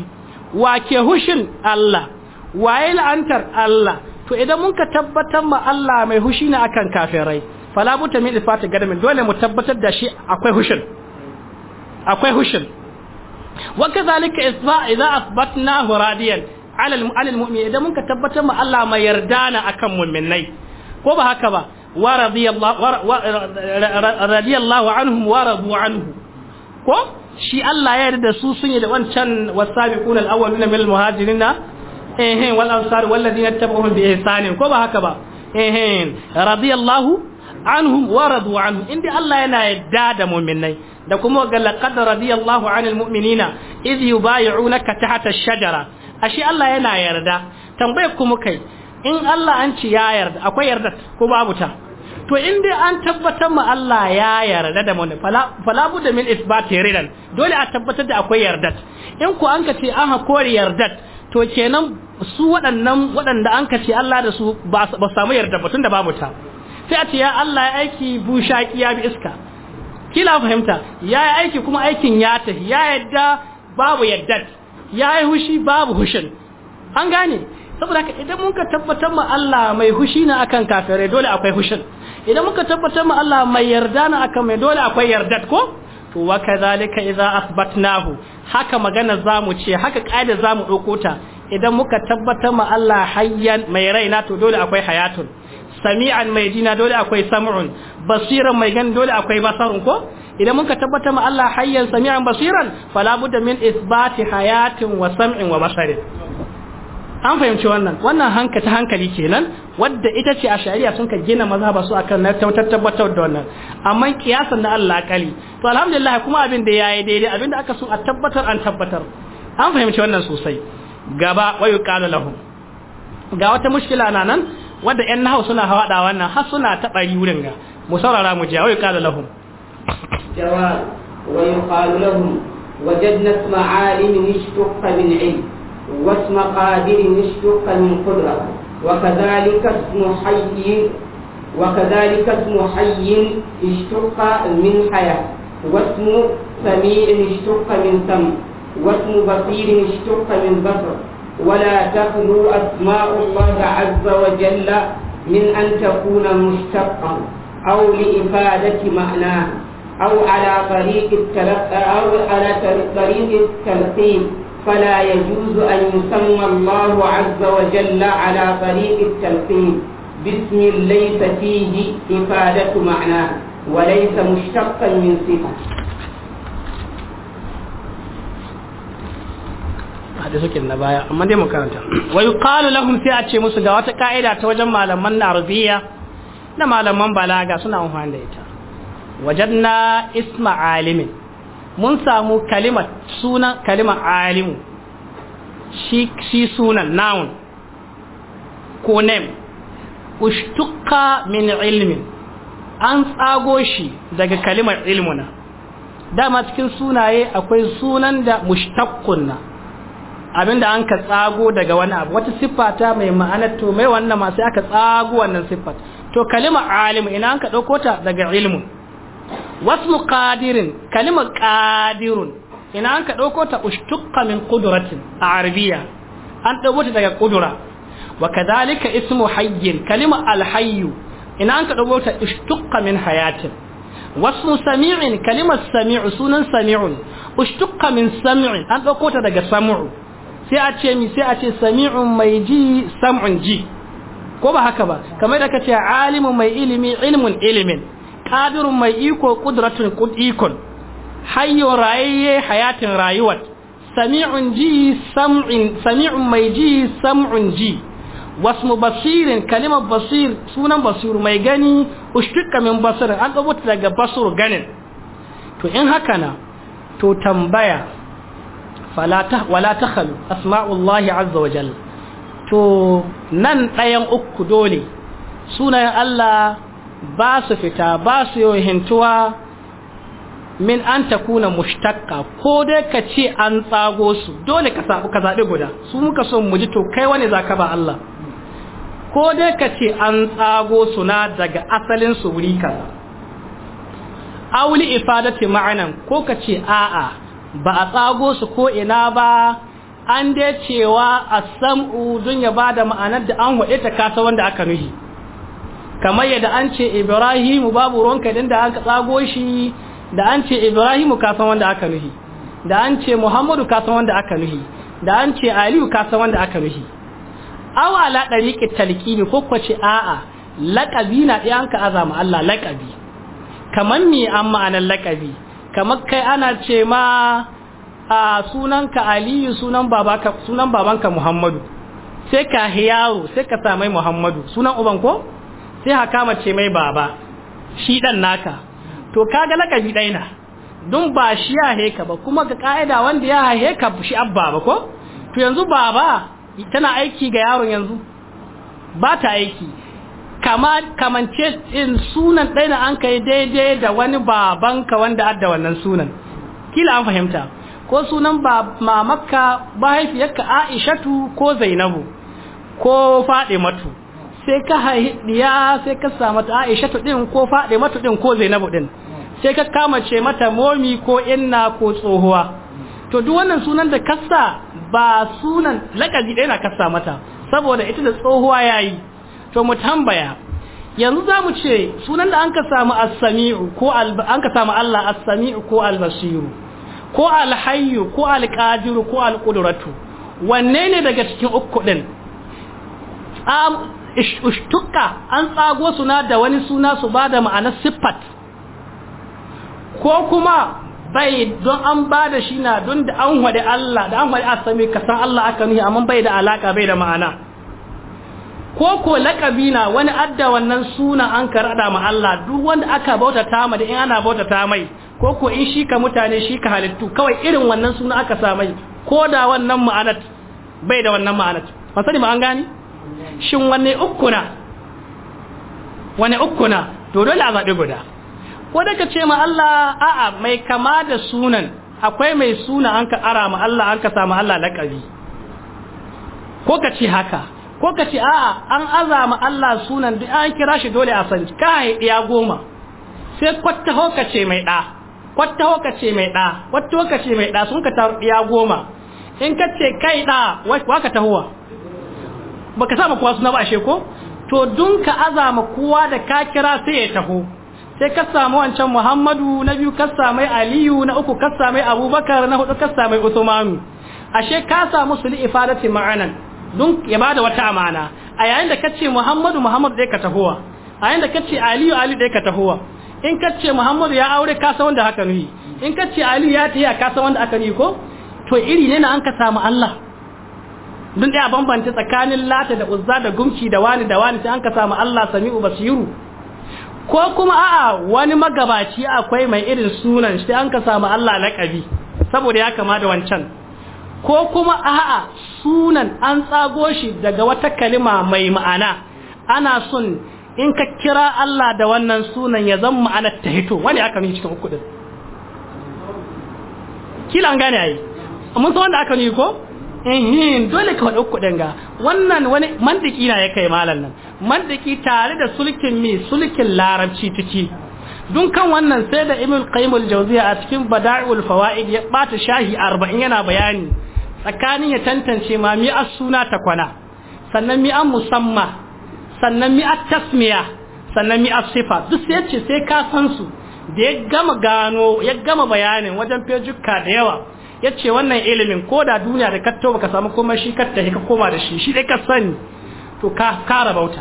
wa ke hushin Allah waye la'antar Allah to idan mun ka tabbatar ma Allah mai hushi na akan kafirai fala buta min ifati gadami dole mu tabbatar da shi akwai hushin akwai hushin wa kazalika isba idza hu radiyan ala almu'min idan mun ka tabbatar ma Allah mai yarda yardana akan mu'minai ko ba haka ba wa radiyallahu radiyallahu anhum wa radu anhu ko shi Allah ya yarda su sun yi da wancan wasabiquna alawwaluna min almuhajirin eh wal ansar wal ladina tabi'uhum bi ihsanin ko ba haka ba eh radiyallahu anhum wa radu anhu inda Allah yana yadda da mu'minai da kuma ga laqad radiyallahu anil mu'minina idh yubay'unaka tahta ash-shajara ashe Allah yana yarda tambaye ku kai in Allah an ci ya yarda akwai yarda ko babu ta to in dai an tabbatar ma Allah ya yarda da mun fala budda min isbati ridan dole a tabbatar da akwai yardat in ku an ka ce an hakori yardat to kenan su waɗannan waɗanda an kace Allah da su ba samu yarda batun da babu ta sai a ce ya Allah ya aiki bushaki bi iska kila fahimta ya yi aiki kuma aikin ya tafi ya yadda babu yaddat ya yi hushi babu hushin an gane saboda haka idan muka tabbatar ma Allah mai hushi na akan kafirai dole akwai hushin idan muka tabbatar ma Allah mai yarda na akan mai dole akwai yardat ko to wa kadhalika idza asbatnahu haka magana zamu ce haka kaida zamu dauko ta idan muka tabbatar ma Allah hayyan mai raina to dole akwai hayatun sami'an mai jina dole akwai sam'un basiran mai gani dole akwai basarun ko idan muka tabbatar ma Allah hayyan sami'an basiran fala budda min isbati hayatin wa sam'in wa basarin an fahimci wannan wannan hanka ta hankali kenan wadda ita ce a shari'a sun ka gina mazhaba su akan na tabbatar da wannan amma kiyasan na Allah kali to alhamdulillah kuma abin da yayi daidai abin da aka so a tabbatar an tabbatar an fahimci wannan sosai gaba wa yuqalu lahum ga wata mushkila na nan wadda yan nahawu suna hawada wannan har suna ta bari wurin ga mu saurara mu ji wa yuqalu lahum jawab wa yuqalu lahum wajadna ma'alim ishtuqqa min ilm واسم قادر اشتق من قدرة وكذلك اسم حي وكذلك اسم حي اشتق من حياة واسم سميع اشتق من سم واسم بصير اشتق من بصر ولا تخلو أسماء الله عز وجل من أن تكون مشتقا أو لإفادة معناه أو على طريق التلقي أو على طريق التلقين فلا يجوز أن يسمى الله عز وجل على طريق التلقين باسم ليس فيه إفادة معنى وليس مشتقا من صفة da suke na baya amma dai makaranta. Wai wa lahum sai a ce musu ga wata ka'ida ta wajen malaman arabiya na malaman balaga suna amfani da ita wajadna isma alimin mun samu kalima sunan kalima alimu shi shi sunan noun ko name min ilmin an tsago shi daga kalimar ilmuna dama cikin sunaye akwai sunan da mushtaqqun abinda an ka tsago daga wani abu wata siffata mai ma'anar to mai wannan ma sai aka tsago wannan siffata to kalima alimu ina an ka dauko ta daga ilmun wasmu qadirin kalimar qadirun ina an ka ɗauko ta ushtuqqa min qudratin a arabiya an ɗauko ta daga qudura wa kadhalika ismu hayyin kalimar alhayyu ina an ka ta ushtuqqa min hayatin wasmu sami'in kalimar sami'u sunan sami'un ushtuqqa min sam'in an ɗauko ta daga sam'u sai a ce mi sai a ce sami'un mai ji sam'un ji ko ba haka ba kamar da ka ce alimu mai ilimi ilmun ilimin qadirun mai iko qudratun ikon hayyo rayayye hayatin rayuwar sami'un ji sam'in sami'un mai ji sam'un ji wasmu basirin kalimar basir sunan basir mai gani ushtuka min basir an rubuta daga basir ganin to in haka na to tambaya wala ta khalu asma'ullahi azza wa jalla to nan ɗayan uku dole sunayen Allah ba su fita ba su yi hintuwa min an ta kuna mushtakka ko dai ka ce an tsago su dole ka zaɓi guda su muka son mu ji to kai wani za ka ba Allah ko dai ka ce an tsago su na daga asalin su wuri wuli auli ifadati ma'anan ko ka ce a'a ba a tsago su ko ina ba an dai cewa a sam'u dun ya ba da ma'anar da an waɗe ta kasa wanda aka nuhi kamar yadda an ce ibrahimu babu ruwanka idan da aka tsago shi da an ce ibrahimu kasan wanda aka nuhi da an ce muhammadu kasan wanda aka nuhi da an ce aliyu kasan wanda aka nuhi awa la ɗariƙi ne ko kwace a'a laƙabi na ɗaya an ka azama allah laƙabi kamar me an ma'anar laƙabi kamar kai ana ce ma a sunanka aliyu sunan babanka muhammadu sai ka yaro sai ka samai muhammadu sunan uban ko sai ha kama ce mai baba shi dan naka to kaga lakabi daina na ba shi ya heka ba kuma ga ka'ida wanda ya heka shi abba ba ko to yanzu baba tana aiki ga yaron yanzu ba ta aiki kama kamance in sunan daina an kai daidai da wani babanka wanda adda wannan sunan kila an fahimta ko sunan mamakka mahaifiyarka aishatu ko zainabu ko fadimatu sai ka haɗiya sai ka samu ta ɗin ko faɗe mata din ko Zainabu ɗin sai ka kama ce mata momi ko inna ko tsohuwa to duk wannan sunan da kasa ba sunan lakazi ɗaya na kasa mata saboda ita da tsohuwa yayi to mu tambaya yanzu za mu ce sunan da an ka samu samu Allah a samiu ko albasiru ko alhayu ko alkadiru ko al wanne ne daga cikin uku ɗin. ishtukka an tsago suna da wani suna su ba da ma'anar siffat ko kuma bai don an ba da shi na don da an hwade Allah da an hwade asami ka san Allah aka nuhi amma bai da alaka bai da ma'ana ko ko laƙabi na wani adda wannan suna an karada ma Allah duk wanda aka bauta ta ma da in ana bauta ta mai ko ko in shi ka mutane shi ka halittu kawai irin wannan suna aka sa mai ko da wannan ma'anar bai da wannan ma'anar ba an gani shin wanne ukuna na wanne to dole a zaɓi guda ko da ka ce ma Allah a'a mai kama da sunan akwai mai suna an ka ara ma Allah an ka samu Allah laƙabi ko ka ce haka ko ka ce a'a an azama Allah sunan duk an kira shi dole a san kai ya goma sai kwatta ka ce mai da kwatta ka ce mai da kwatta ka ce mai da sun ka ta ya goma in ka ce kai da wa ka tahowa baka sa ma kowa suna ba ashe ko to dun ka azama kowa da ka kira sai ya taho sai ka samu wancan Muhammadu na biyu ka samu Aliyu na uku ka samu Abubakar na hudu ka samu Usmanu ashe ka samu su li ifadati ma'anan dun ya bada wata amana a yayin da kace Muhammadu Muhammad dai ka tahowa a yayin da kace Aliyu Ali dai ka tahowa in kace Muhammadu ya aure ka san wanda haka ne in kace Aliyu ya tiya ka san wanda aka ne ko to iri ne na an ka samu Allah dun ɗaya bambanta tsakanin lata da uzza da gumci da wani da wani sai an ka samu Allah sami'u basiru ko kuma a'a wani magabaci akwai mai irin sunan sai an ka samu Allah laƙabi saboda ya kama da wancan ko kuma a'a sunan an tsago shi daga wata kalima mai ma'ana ana son in ka kira Allah da wannan sunan ya zan ma'anar ta hito wani aka yi cikin uku din kila an gane ai mun san wanda aka yi ko ehin dole ka wadda kuɗin ga wannan wani mandiki na ya kai malam nan mandiki tare da sulkin mi sulkin larabci ciki dun wannan sai da ibn qayyim al-jawziya a cikin bada'ul fawaid ya bata shahi 40 yana bayani tsakanin ya tantance ma mi as suna takwana, kwana sannan mi an musamma sannan mi at tasmiya sannan mi as sifa duk sai yace sai ka san su da ya gama gano ya gama bayanin wajen fejukka da yawa yace wannan ilimin ko da duniya da katto baka samu komai shi katta ka koma da shi shi dai ka sani to ka kara bauta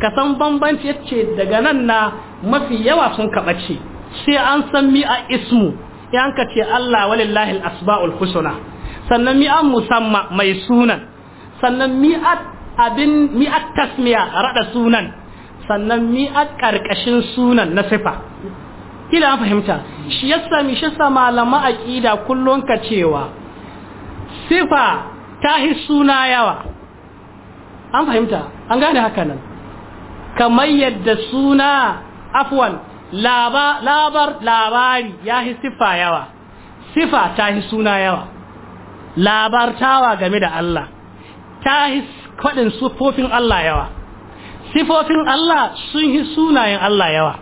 ka san bambanci yace daga nan na mafi yawa sun kabace sai an san mi a ismu yan ka ce Allah walillahi al husna sannan mi an musamma mai sunan sannan mi abin mi at tasmiya rada sunan sannan mi a karkashin sunan na sifa kila an fahimta shi yasa mi shi yasa malama aqida kullun ka cewa sifa ta suna yawa an fahimta an gane haka kamar yadda suna afwan labar labari ya hi sifa yawa sifa ta hi suna yawa labartawa game da Allah ta hi kwadin sufofin Allah yawa sifofin Allah sun hi sunayen Allah yawa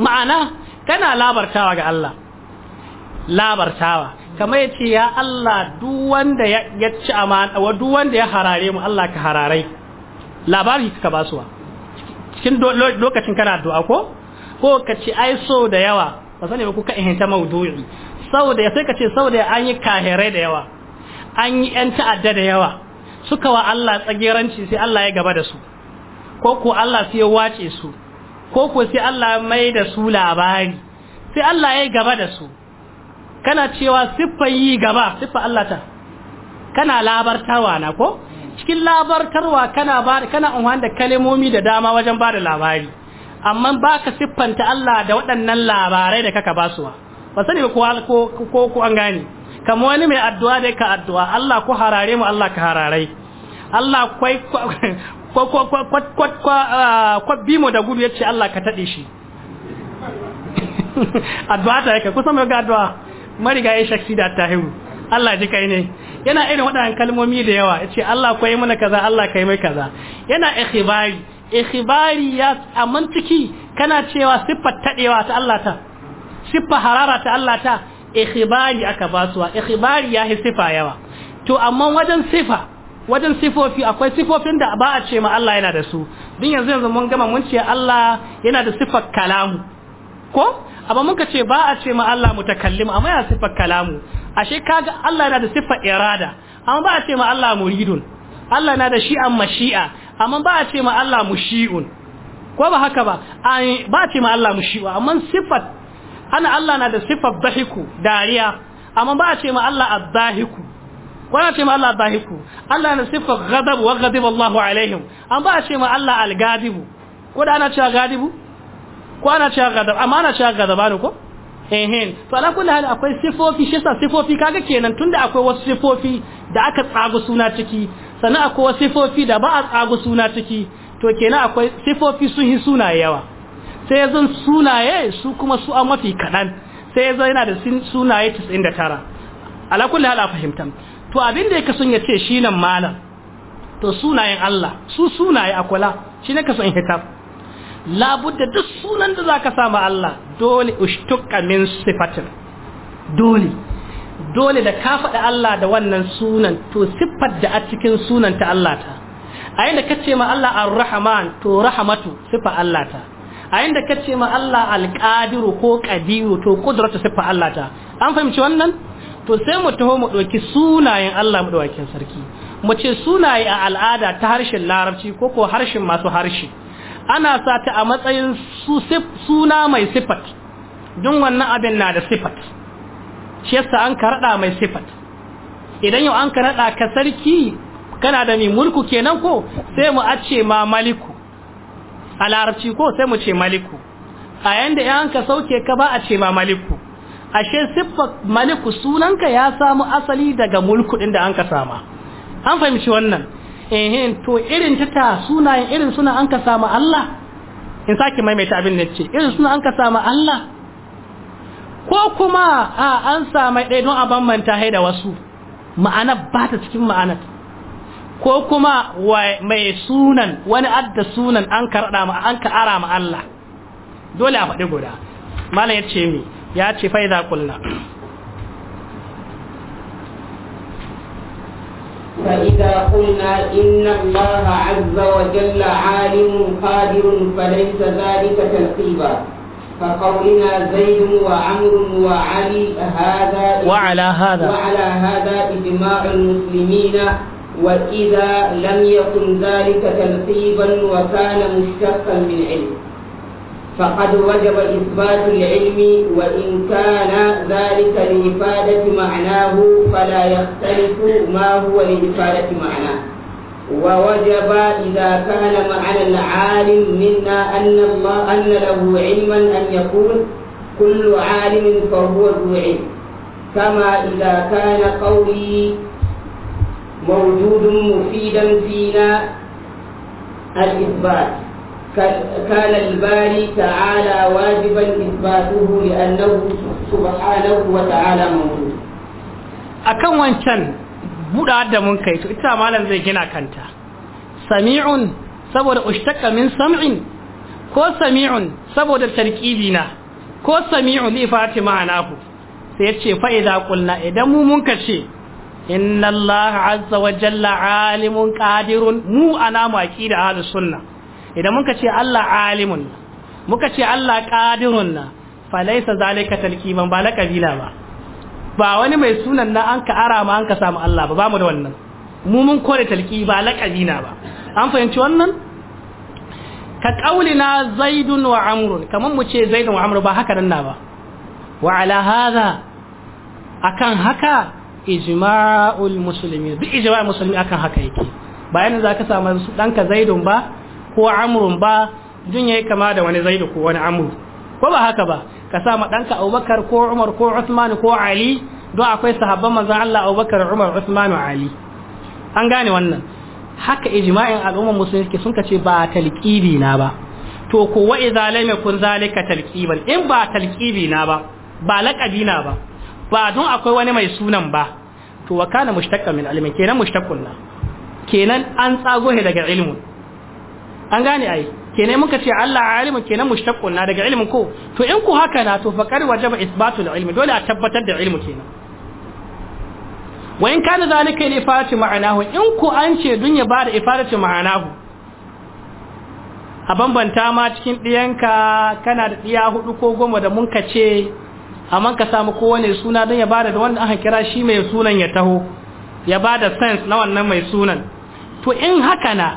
ma'ana kana labartawa ga Allah labartawa kamar ya ce ya Allah duk wanda ya ci amana wa duk wanda ya harare mu Allah ka hararai labari ka basuwa cikin lokacin kana addu'a ko ko ka ce ai so da yawa ba sani ba kuka ihinta mawdu'i saboda sai ka ce saboda an yi kahirai da yawa an yi yan ta'adda da yawa suka wa Allah tsageranci sai Allah ya gaba da su ko ko Allah sai ya wace su ko ko sai Allah mai da su labari sai Allah ya gaba da su kana cewa siffan yi gaba siffa Allah ta kana labartawa na ko cikin labartarwa kana ba kana amfani da kalmomi da dama wajen ba da labari amma baka siffanta Allah da waɗannan labarai da kaka basuwa ba sani ko ko ko an gane kamar wani mai addu'a da ka addu'a Allah ko harare mu Allah ka hararai Allah kwai kwa ah, bi mu da gudu ya ce Allah ka taɗe shi addu'a ta yake kusan mai ga addu'a mariga ya shaksi da tahiru Allah ji kai ne yana irin waɗannan kalmomi da yawa ya ce Allah kwai mana kaza Allah kai mai kaza yana ikhibari ikhibari ya amman ciki kana cewa siffar taɗewa ta Allah ta siffar harara ta Allah ta ikhibari aka basuwa ikhibari ya hi sifa yawa to amma wajen sifa wajen sifofi akwai sifofin da ba a ce ma Allah yana da su din yanzu yanzu mun gama mun ce Allah yana da sifar kalamu ko amma muka ce ba a ce ma Allah mutakallim amma yana sifar kalamu ashe kaga Allah yana da sifar irada amma ba a ce ma Allah muridun Allah yana da shi'an mashi'a amma ba a ce ma Allah mushi'un ko ba haka ba ba a ce ma Allah mushi'u amma sifar ana Allah na da sifar bahiku dariya amma ba a ce ma Allah addahiku wani ce ma Allah dahiku Allah na siffar gadab wa gadib Allahu alaihim an ba ce ma Allah al-gadibu ko da ana cewa gadibu ko ana cewa gadab amma ana cewa gadaba ne ko ehin to ala kulli hal akwai sifofi shi sa sifofi kaga kenan tunda akwai wasu sifofi da aka tsago suna ciki sannan akwai wasu sifofi da ba a tsago suna ciki to kenan akwai sifofi sun yi suna yawa sai ya zan sunaye su kuma su a mafi kaɗan sai ya zan yana da sunaye 99 ala kulli hal a fahimta to abin da yake son ya ce shi nan malam to sunayen Allah su sunaye akwala shi ne ka son hikaf labudda duk sunan da zaka sama Allah dole ushtuqa min sifatin dole dole da ka faɗi Allah da wannan sunan to siffar da a cikin sunan ta Allah ta a yadda ka ce ma Allah ar-rahman to rahmatu sifa Allah ta a yadda ka ce ma Allah al-qadiru ko qadiru to qudratu siffa Allah ta an fahimci wannan to sai mu taho mu ɗauki sunayen Allah maɗaukakin sarki mu ce sunaye a al'ada ta harshen larabci ko ko harshen masu harshe ana sa ta a matsayin suna mai sifat don wannan abin na da sifat shi yasa an karaɗa mai sifat idan yau an karaɗa ka sarki kana da mai mulku kenan ko sai mu ace ma maliku a larabci ko sai mu ce maliku a yanda yan ka sauke ka ba a ce ma maliku ashe siffa maliku sunanka ya samu asali daga mulku ɗin da an ka sama an fahimci wannan eh to irin ta sunayen irin suna an ka sama Allah in sake maimaita abin da ce irin suna an ka sama Allah ko kuma a an sama ɗaya don a bambanta da wasu ma'ana ba ta cikin ma'anar ko kuma mai sunan wani adda sunan an karɗa ka ara ma Allah dole a faɗi guda malam ya ce mai ya ce fa'iza kulla فإذا قلنا إن الله عز وجل عالم قادر فليس ذلك تنقيبا كقولنا زيد وعمر وعلي هذا وعلى هذا وعلى هذا إجماع المسلمين وإذا لم يكن ذلك تنقيبا وكان مشتقا من علم فقد وجب إثبات العلم وإن كان ذلك لإفادة معناه فلا يختلف ما هو لإفادة معناه ووجب إذا كان معنى العالم منا أن الله أن له علما أن يقول كل عالم فهو ذو علم كما إذا كان قولي موجود مفيدا فينا الإثبات كان الباري تعالى واجبا إثباته لأنه سبحانه وتعالى موجود أكم وانشان buɗa da mun kai to ita malam zai gina kanta sami'un saboda ushtaka min sam'in ko sami'un saboda tarkibi na ko sami'un li fati naku. sai ya ce fa idza idan mu mun kace inna allaha azza wa jalla alimun qadirun mu ana da ahlus sunna idan muka ce Allah alimun muka ce Allah qadirun na fa laysa zalika talkiman ba laqabila ba ba wani mai sunan na an ka ara ma an ka samu Allah ba bamu da wannan mu mun kore talki ba laqabina ba an fahimci wannan ka qaulina zaidun wa amrun kaman mu ce zaidun wa amru ba haka nan na ba wa ala hadha akan haka ijma'ul muslimin bi ijma'ul muslimin akan haka yake bayan za ka samu danka zaidun ba ko Amurin ba dun yayi kama da wani zaidu ko wani Amur ko ba haka ba ka sa ma Abubakar ko Umar ko Usmanu ko Ali don akwai sahabban manzon Allah Abubakar Umar Usmanu Ali an gane wannan haka ijma'in al'ummar musulmi suke sun kace ba talqibi na ba to ko wa idza lam yakun zalika talqiban in ba talqibi na ba ba laqabi na ba ba don akwai wani mai sunan ba to wa kana mushtaqqan min ilmin kenan mushtaqqun kenan an tsago daga ilmi an gane ai kenan muka ce Allah alimu kenan mushtaqqun na daga ilmin ko to in ku haka na to faqad wajaba isbatul ilmi dole a tabbatar da ilmi kenan wa in kana zalika li fati ma'anahu in ku an ce dunya ya bada ifadati ma'anahu a bambanta ma cikin diyanka kana da diya hudu ko goma da mun kace amma ka samu kowane suna don ya bada da wanda aka kira shi mai sunan ya taho ya bada sense na wannan mai sunan to in haka na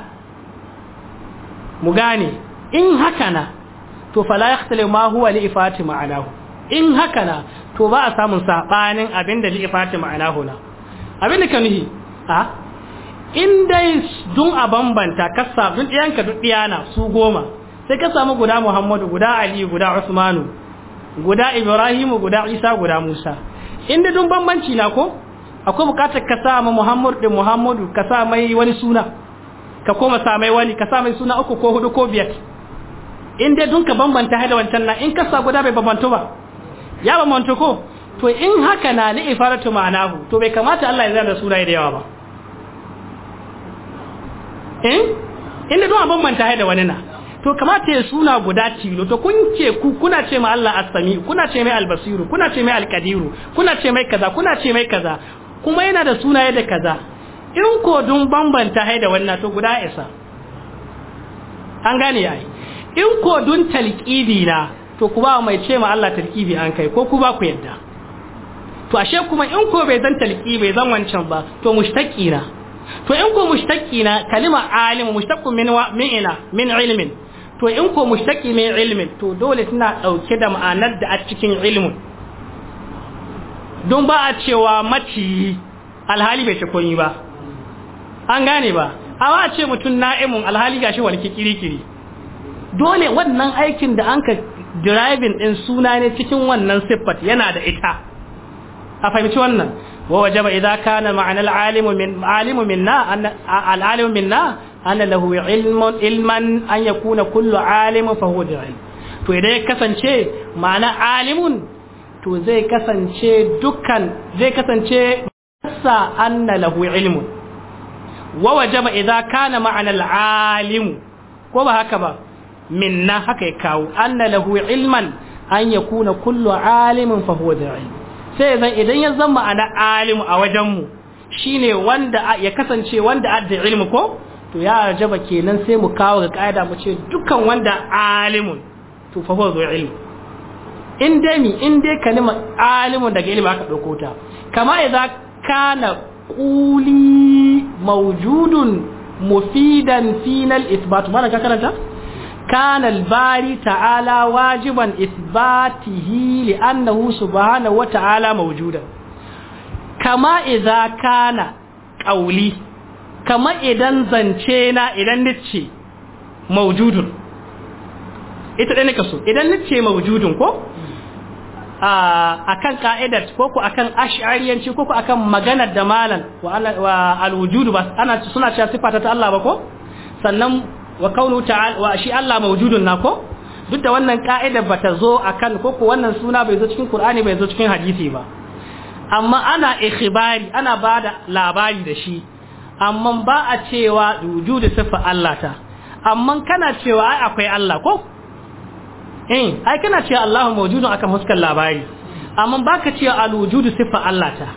mu gane in haka na to fala yahtali ma huwa li ifati ma'anahu in haka na to ba a samun sabanin abinda li ifati ma'anahu na abin da kanihi a in dai dun a bambanta ka samu duk ɗiyanka duk ɗiyana su goma sai ka samu guda Muhammadu guda Ali guda Usmanu guda Ibrahimu guda Isa guda Musa in dai dun bambanci na ko akwai bukatar ka samu Muhammadu Muhammadu ka samu wani suna ka koma samai wani ka samai suna uku ko hudu ko biyar in dai dun ka bambanta haida wancan na in kasa guda bai bambanto ba ya bambanto ko to in haka na ni ifaratu ma'anahu to bai kamata Allah ya zama da suna da yawa ba in eh? in dai dun a bambanta haida wani na to kamata ya suna guda tilo to kun ce ku kuna ce ma Allah as-sami kuna ce mai al-basiru kuna ce mai al-qadiru kuna ce mai kaza kuna ce mai kaza kuma yana da sunaye da kaza in ko dun bambanta haida wannan to guda isa an gane yayi in ko dun talqibi na to ku ba mai ce ma Allah talqibi an kai ko ku ba ku yadda to ashe kuma in ko bai zan talqi bai zan wancan ba to mushtaqi na to in ko mushtaqi na kalima alim mushtaqu min wa min ila min ilmin to in ko mushtaqi min ilmin to dole suna dauke da ma'anar da a cikin ilmin don ba a cewa maci alhali bai ce koyi ba an gane ba a wa ce mutum na'imun alhali gashi walke kirikiri dole wannan aikin da an ka driving ɗin suna ne cikin wannan siffat yana da ita a fahimci wannan wa ba idza kana ma'ana na min alimu an lahu ilman an kuna kullu alimu fa to idan ya kasance ma'ana alimun to zai kasance dukkan zai kasance an na lahu ilmun wa wajaba idza kana ma'ana al-alim ko ba haka ba minna haka ya kawo anna lahu ilman an yakuna kullu alimin fa huwa da'i sai zan idan ya zama ana alimu a wajen mu shine wanda ya kasance wanda adda ilmu ko to ya jaba kenan sai mu kawo ga kaida mu ce dukkan wanda alimun to fa huwa da'i in dai mi in dai kalimar alimun daga ilmi aka dauko ta kama idan kana quli mawjudun mufidan fina al-isbat mana ka karanta kana al-bari ta'ala wajiban isbanti-hili. Annahu subhanahu wa ta'ala mawjudan kama idza kana qawli kama idan zance na idan nace mawjudun ita dai nake so idan nace mawjudun ko akan ka'idar ko ku akan ash'ariyanci ko ku akan maganar da malan wa alwujudu bas ana suna cewa sifata ta Allah ba ko sannan wa kaunu ta'ala wa shi Allah mawjudun na ko duk da wannan ka'idar ta zo akan ko ku wannan suna bai zo cikin Qur'ani bai zo cikin hadisi ba amma ana ikhbari ana bada labari da shi amma ba a cewa wujudu sifa Allah ta amma kana cewa ai akwai Allah ko eh ai kana cewa Allahu mawjudun akan huskar labari amma baka cewa al sifa Allah ta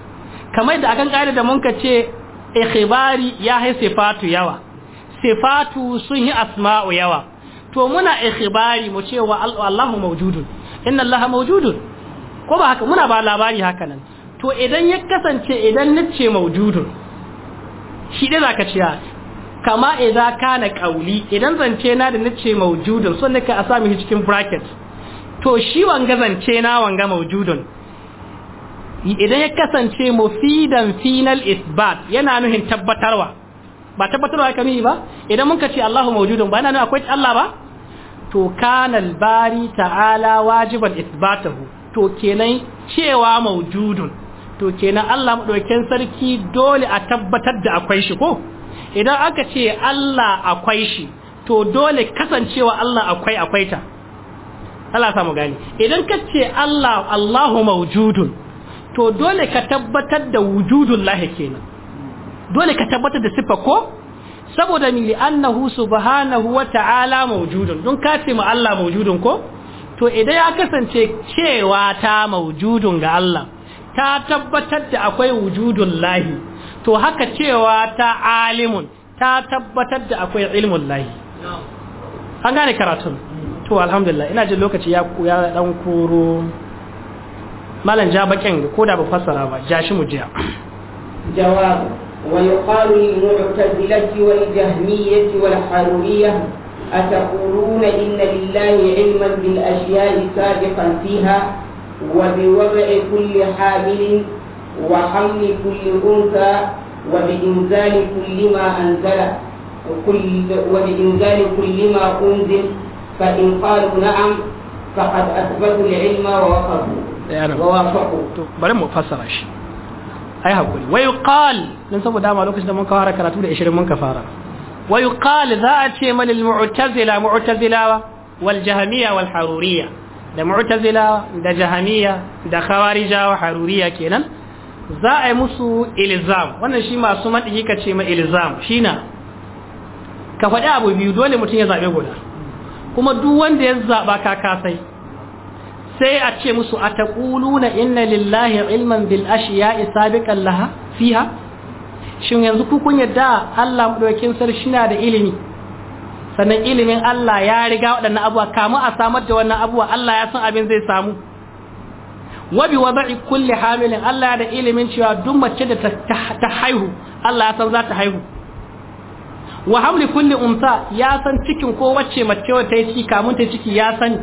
kamar da akan kaida da mun ka ce ikhbari ya hai sifatu yawa sifatu sun yi asma'u yawa to muna ikhbari mu cewa Allahu mawjudun inna Allaha mawjudun ko ba haka muna ba labari haka nan to idan ya kasance idan nace mawjudun shi dai zaka cewa kama idan na kauli idan zance na da nace maujudun ne nika a sami cikin bracket to shi wanga zance na wanga maujudun idan ya kasance mufidan final isbat yana nuhin tabbatarwa ba tabbatarwa kami ba idan mun ce Allahu maujudun ba yana nuna akwai Allah ba to kana bari ta'ala wajiban isbatahu to kenan cewa maujudun to kenan Allah madaukakin sarki dole a tabbatar da akwai shi ko idan aka ce Allah akwai shi to dole kasancewa Allah akwai akwai ta Allah samu gani idan ka ce Allah Allahu mawjudun to dole ka tabbatar da wujudun lahi kenan dole ka tabbatar da sifa ko saboda ni annahu subhanahu wa ta'ala mawjudun don ka ce mu Allah mawjudun ko to idan ya kasance cewa ta mawjudun ga Allah ta tabbatar da akwai wujudun lahi to haka cewa ta alimun ta tabbatar da akwai ilmun lahi an gane karatun to alhamdulillah ina jin lokaci ya ya dan kuro malan ja bakin ko da ba fassara ba ja shi mu jiya jawab wa yuqalu lil mu'tazilati wal jahmiyyati wal haruriyyah أتقولون إن لله علما بالأشياء سابقا فيها وبوضع كل حامل وحمل كل أنثى وبإنزال كل ما أنزل كل وبإنزال كل ما أنزل فإن قالوا نعم فقد أثبتوا العلم إيه، ووافقوا ووافقوا فسر شيء أي هقولي ويقال ننسب دام على كشدة من كهارة كراتولة من كفارة ويقال ذات شيء من المعتزلة معتزلة والجهمية والحرورية ده معتزلة ده جهمية ده خوارج وحرورية كينا za a yi musu ilizam, wannan shi masu maɗi ka ce ma ilizam shi na ka faɗi abu biyu dole mutum ya zaɓe guda kuma duk wanda ya zaɓa kakasai sai a ce musu a na inna lillahi ilman bil ya sabiqan laha fiha shin yanzu ku yadda Allah madaukakin shi na da ilimi sannan ilimin Allah ya riga waɗannan abuwa kamu a samar da wannan abuwa Allah ya san abin zai samu wa bi kulle kulli hamilin Allah da ilimin cewa duk mace da ta haihu Allah ya san za ta haihu wa hamli kulli umsa ya san cikin ko wacce mace wata yi ciki kamun ta ciki ya sani.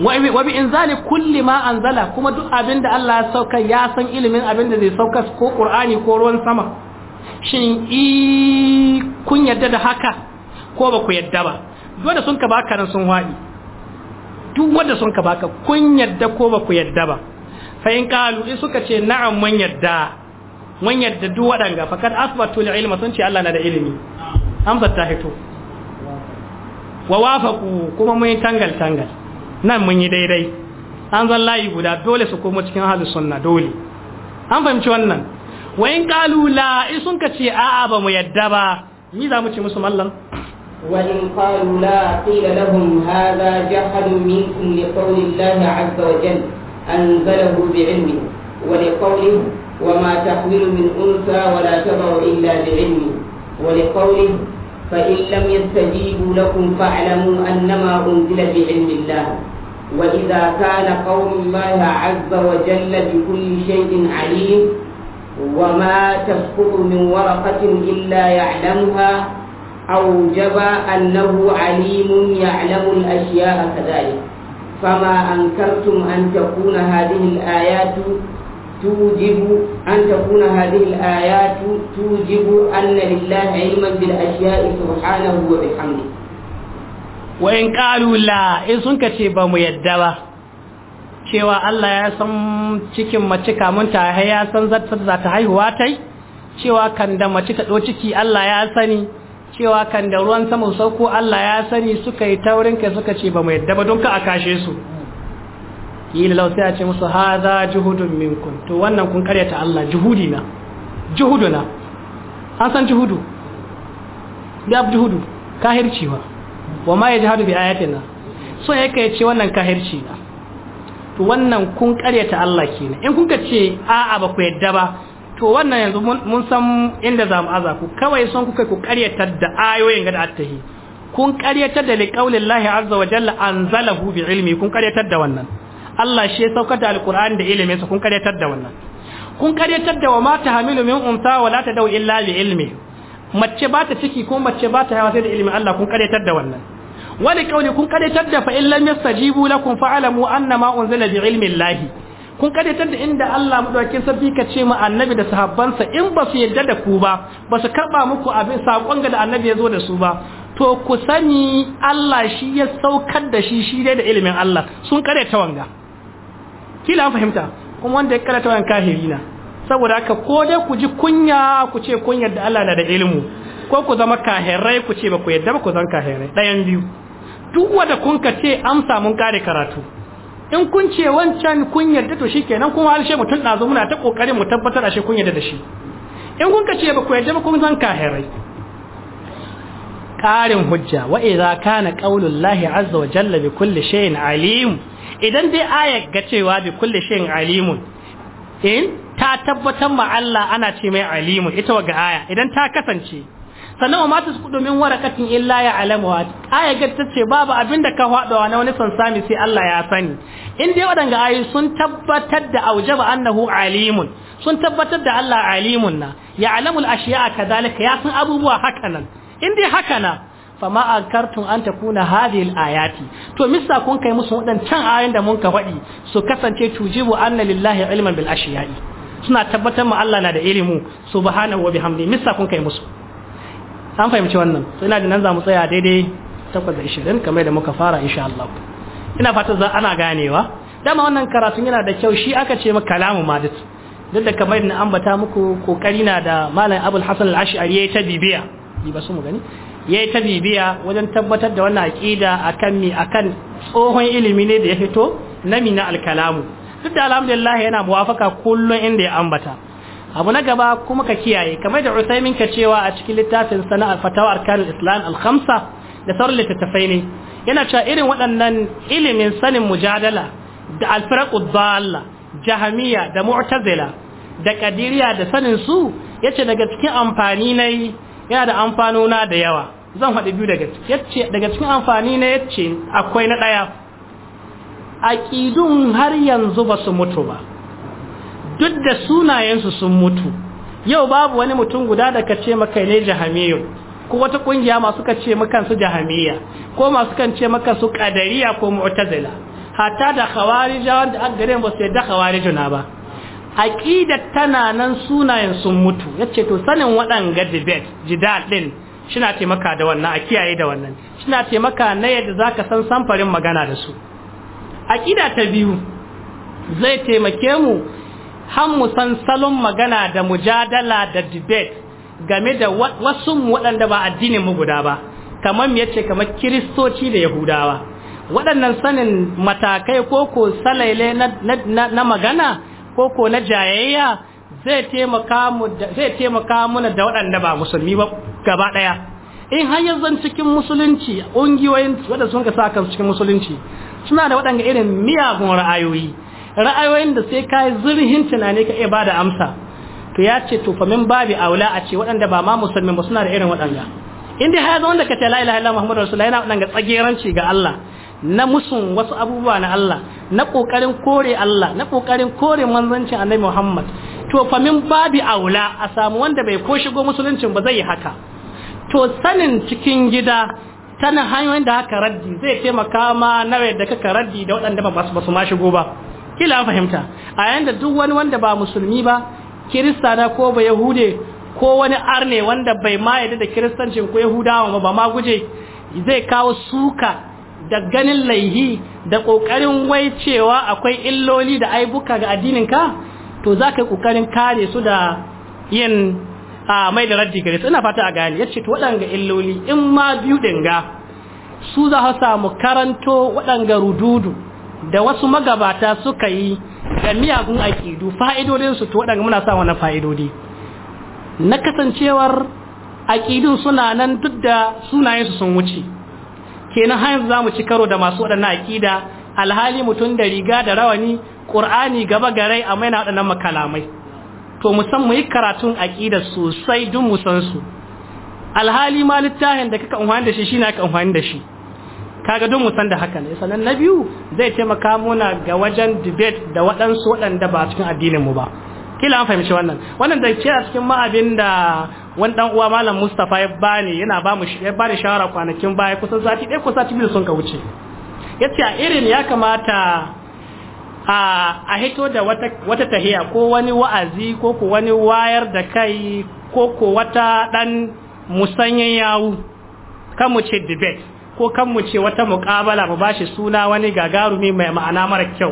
wa bi inzali kulli ma anzala kuma duk abin da Allah ya sauka ya san ilimin abin da zai sauka ko Qur'ani ko ruwan sama shin i kun yadda da haka ko ba ku yadda ba dole sun ka baka nan sun waɗi duk wanda sun ka baka kun yadda ko ba ku yadda ba fa in qalu in suka ce na'am mun yadda mun yadda duk wadanga fakat asbatu li ilma sun ce Allah na da ilimi an ta hito wa wafaqu kuma mun tangal tangal nan mun yi daidai an zan layi guda dole su komo cikin ahlus sunna dole an fahimci wannan wa in qalu la in sun ka ce a'a ba mu yadda ba ni za mu ce musu mallan وإن قالوا لا قيل لهم هذا جحد منكم لقول الله عز وجل أنزله بعلمه ولقوله وما تحمل من أنثى ولا تضع إلا بعلمه ولقوله فإن لم يستجيبوا لكم فاعلموا أنما أنزل بعلم الله وإذا كان قول الله عز وجل بكل شيء عليم وما تسقط من ورقة إلا يعلمها أوجب أنه عليم يعلم الأشياء كذلك فما أنكرتم أن تكون هذه الآيات توجب أن تكون هذه الآيات توجب أن لله علما بالأشياء سبحانه وبحمده وإن قالوا لا إن سنك تشيبا ميدبا cewa Allah ya san cikin mace kamun ta ya san zata haihuwa tai cewa kan da mace ta ɗau ciki Allah ya sani cewa kan da ruwan sama sauko Allah ya sani suka yi taurin kai suka ce ba mu yadda ba don ka a kashe su kila lau sai a ce musu haza juhudun minkum to wannan kun karyata Allah juhudina juhuduna an san juhudu ya juhudu kahirci wa wa ma hadu bi ayatina so yake ya ce wannan kahirci na to wannan kun karyata Allah kenan in kun ka ce a'a ba ku yadda ba to wannan yanzu mun san inda za mu aza ku kawai son kuka ku karyatar da ayoyin gada attahi kun karyatar da liqaulin lahi azza wa jalla anzalahu bi ilimi kun karyatar da wannan Allah shi ya saukar da alqur'ani da ilimin sa kun karyatar da wannan kun karyatar da wa ma hamilu min umsa wa la dau illa bi ilimi. mace ba ta ciki ko mace ba ta haihuwa sai da ilimin Allah kun karyatar da wannan wani kauli kun karyatar da fa in lam yastajibu lakum fa'lamu annama unzila bi ilmi Allah kun kadatar da inda Allah madaukakin sarki ka ce ma annabi da sahabbansa in ba su yadda da ku ba ba su karba muku abin sakon ga da annabi ya zo da su ba to ku sani Allah shi ya saukar da shi shi dai da ilimin Allah sun ta wanga kila an fahimta kuma wanda ya ta wanga kahiri saboda haka ko dai ku ji kunya ku ce kunyar da Allah na da ilimu ko ku zama kahirai ku ce ba ku yadda ba ku zan kahirai ɗayan biyu duk wanda kun ka ce amsa mun kare karatu in kun ce wancan kun yarda to shikenan kuma alshe mutun dazu muna ta kokarin mu tabbatar ashe kun yarda da shi in kun ka ce ba ku yarda ba kun zan kahirai karin hujja wa idza kana qaulullahi azza wa jalla bi kulli shay'in alim idan dai aya ga cewa bi kulli shay'in alimun in ta tabbatar ma Allah ana ce mai alimu ita wa ga aya idan ta kasance sannan wa mata su domin warakatin illa ya alamawa aya ga ta ce babu abin da ka faɗawa na wani sansami sai Allah ya sani in dai waɗanga ayi sun tabbatar da aujaba annahu alimun sun tabbatar da Allah alimun na ya alamul ashiya kadalika ya san abubuwa haka nan in dai haka na fama ankartum an kuna hadhihi ayati to misa kun kai musu waɗancan ayoyin da mun ka faɗi su kasance tujibu anna lillahi ilman bil suna tabbatar ma Allah na da ilimu subhanahu wa bihamdi misa kun kai musu an fahimci wannan to ina da nan za mu tsaya daidai takwas da ishirin kamar da muka fara insha Allah ina fata za ana ganewa dama wannan karatun yana da kyau shi aka ce maka kalamu ma duk da kamar na ambata muku kokari na da malam abul hasan al-ash'ari yayi ta bibiya ba su mu gani yayi ta bibiya wajen tabbatar da wannan aqida akan mi akan tsohon ilimi ne da ya fito na mina al-kalamu duk da alhamdulillah yana muwafaka kullun inda ya ambata abu na gaba kuma ka kiyaye kamar da usaimin ka cewa a cikin littafin sana fatawa arkanul islam al da sauran littattafai ne yana cewa irin waɗannan ilimin sanin mujadala da alfiraqud dalla jahamiya da mu'tazila da qadiriya da sanin su yace daga cikin amfani ne yana da amfanona da yawa zan faɗi biyu daga yace daga cikin amfani ne yace akwai na daya aqidun har yanzu ba su mutu ba duk da sunayensu sun mutu yau babu wani mutum guda da ka ce maka ne jahamiyu ko wata kungiya masu ka ce maka su jahamiya ko masu kan ce maka su ko mu'tazila hatta da khawarija wanda gare ba sai da na ba aqida tana nan sunayen sun mutu yace to sanin wadan gadibet jidal din shina taimaka da wannan a kiyaye da wannan shina taimaka na yadda zaka san samfarin magana da su aqida ta biyu zai taimake mu han mu san salon magana da mujadala da debate game da wasu waɗanda ba addinin mu guda ba kamar mu yace kamar kiristoci da yahudawa waɗannan sanin matakai ko ko salaile na magana ko ko na jayayya zai taimaka mana da waɗanda ba musulmi ba gaba ɗaya in har yanzu cikin musulunci ƙungiyoyin waɗanda sun ka sa kansu cikin musulunci suna da waɗanda irin miyagun ra'ayoyi ra'ayoyin da sai kai zurhin tunani ka iya bada amsa to ya ce to fa min babi aula a ce waɗanda ba ma musulmi ba suna da irin waɗanda in dai har zama ka ce la ilaha illallah muhammadu rasulullahi yana waɗanda tsageranci ga Allah na musun wasu abubuwa na Allah na kokarin kore Allah na kokarin kore manzancin annabi Muhammad to fa min babi aula a samu wanda bai ko shigo musuluncin ba zai yi haka to sanin cikin gida sanin hanyoyin da haka raddi zai taimaka ma nawa da kaka raddi da waɗanda ba su ma shigo ba kila fahimta a yanda duk wani wanda ba musulmi ba kirista na ko ba yahude ko wani arne wanda bai ma yadda da kiristancin ko yahudawa ba ma guje zai kawo suka da ganin laihi da kokarin wai cewa akwai illoli da aibuka ga addinin ka to za ka yi kokarin kare su da yin a mai da raddi gare su ina fata a gane yace to waɗanga illoli in ma biyu dinga su za su samu karanto waɗanga rududu da wasu magabata suka yi ga miyagun aƙidu fa'idodinsu to waɗanda muna sa wani fa'idodi na kasancewar aƙidun suna nan duk da sunayensu sun wuce kenan hanyar za mu ci karo da masu waɗannan aƙida alhali mutum da riga da rawani ƙur'ani gaba garai a maina waɗannan makalamai to musan yi karatun aƙida sosai dun musansu alhali ma littafin da kaka umarni da shi shi na ka umarni da shi kaga don mu san da haka ne sanan na biyu zai taimaka muna ga wajen debate da waɗansu waɗanda ba cikin addinin mu ba kila an fahimci wannan wannan da ke a cikin ma'abin da wani dan uwa malam Mustafa ya bani yana ba mu ya bani shawara kwanakin baya kusan sati ɗaya ko sati biyu sun ka wuce yace a irin ya kamata a a hito da wata wata tahiya ko wani wa'azi ko ko wani wayar da kai ko ko wata dan musanyen yawo kan mu ce debate ko kan mu ce wata muƙabala mu bashi suna wani gagarumi mai ma'ana mara kyau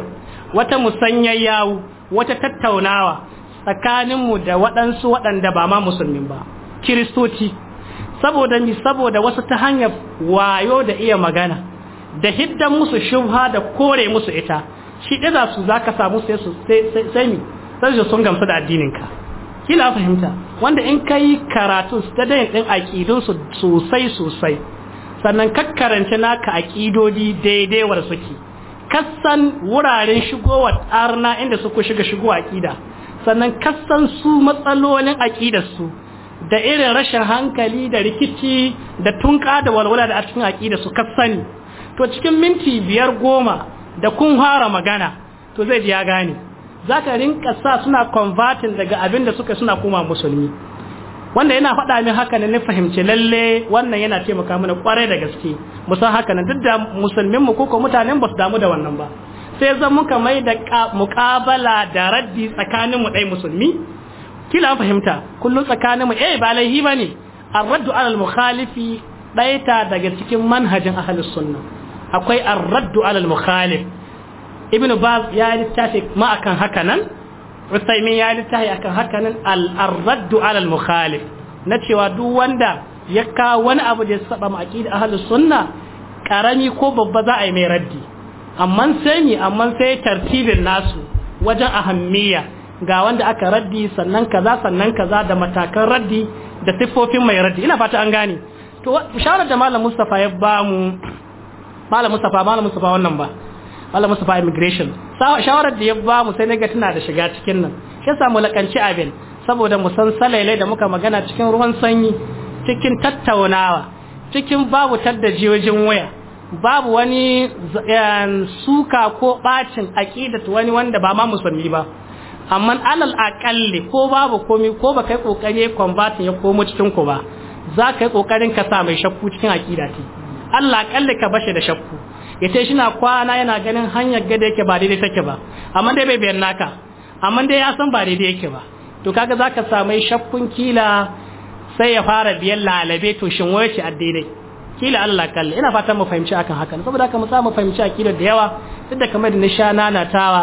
wata musanyar yawu wata tattaunawa tsakaninmu da waɗansu waɗanda ba ma musulmin ba kiristoci saboda mi saboda wasu ta hanyar wayo da iya magana da hiddan musu shubha da kore musu ita shi da za su za ka samu sai su sai mi sai su sun gamsu da addininka kila fahimta wanda in ka yi karatun su ta dayin ɗin aƙidunsu sosai sosai sannan kakkaranci naka aƙidodi daidaiwar suke Kasan wuraren shigowar arna inda suku shiga shigo aƙida sannan kassan su matsalolin su da irin rashin hankali da rikici da tunka da walwala da a cikin aƙidarsu kassani to cikin minti biyar goma da kun fara magana to zai ji ya gane za ka rinka sa suna convertin daga abin da suka suna koma musulmi wanda yana faɗa min haka ne na fahimci lalle wannan yana taimaka mana kwarai da gaske musan haka nan duk da musulmin mu koko mutanen ba su damu da wannan ba sai zan muka mai da muƙabala da raddi tsakanin mu ɗai musulmi kila an fahimta kullum tsakanin mu eh ba laihi ba ne arraddu alal mukhalifi ɗaita daga cikin manhajin ahlus sunna akwai arraddu alal mukhalif ibnu baz ya littafi ma akan haka nan Usaimin ya littafi akan hakanan al-raddu alal mukhalif na cewa duk wanda ya kawo wani abu da ya saba ma da ahlus sunna karami ko babba za a yi mai raddi amma sai ni amma sai tartibin nasu wajen ahammiya ga wanda aka raddi sannan kaza sannan kaza da matakan raddi da siffofin mai raddi ina fata an gane to shawarar da malam Mustafa ya ba mu malam Mustafa malam Mustafa wannan ba Mallam musu fa immigration shawarar da ya ba mu sai naga tana da shiga cikin nan shi samu lakanci abin saboda mu san salailai da muka magana cikin ruwan sanyi cikin tattaunawa cikin babu tadda jiyojin waya babu wani eh, suka ko bacin aqidat wani wanda ba ma musulmi ba amma alal aqalli ko babu komi ko ba kai ƙoƙari convert ya komo cikin ku ba za ka yi ƙoƙarin ka sa mai shakku cikin aqidati Allah aƙalli ka bashi da shakku yace shi na kwana yana ganin hanyar gada yake ba daidai take ba amma dai bai biyar naka amma dai ya san ba daidai yake ba to kaga zaka samu shakkun kila sai ya fara biyan lalabe to shin waye ce addinai kila Allah kalli ina fatan mu fahimci akan haka saboda haka mu mu fahimci akidar da yawa duk da kamar da nisha nanatawa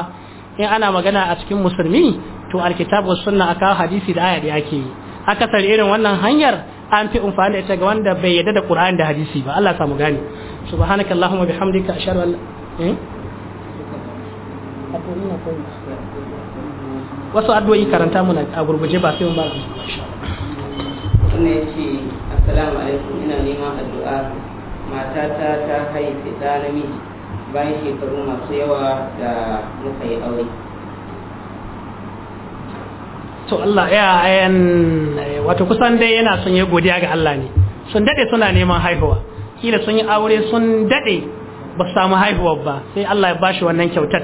in ana magana a cikin musulmi to wa sunna aka hadisi da aya da yake yi akasar irin wannan hanyar an fi umfani da ita ga wanda bai yadda da Qur'ani da hadisi ba Allah samu gani gane allahumma bihamdika ashhadu an eh? wasu addu'o'i karanta muna a gurguje ba sai mun ba wannan yace assalamu alaikum ina neman addu'a matata ta haifi ɗa namiji bayan shekaru masu yawa da muka yi aure to Allah ya ayan wato kusan dai yana son ya godiya ga Allah ne sun dade suna neman haihuwa kila sun yi aure sun dade ba su samu haihuwa ba sai Allah ya bashi wannan kyautar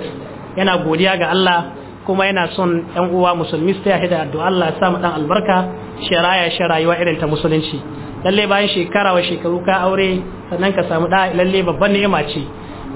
yana godiya ga Allah kuma yana son yan uwa musulmi su ya da addu'a Allah ya samu dan albarka sharaya rayuwa irin ta musulunci lalle bayan shekara wa shekaru ka aure sannan ka samu da lalle babban ni'ima ce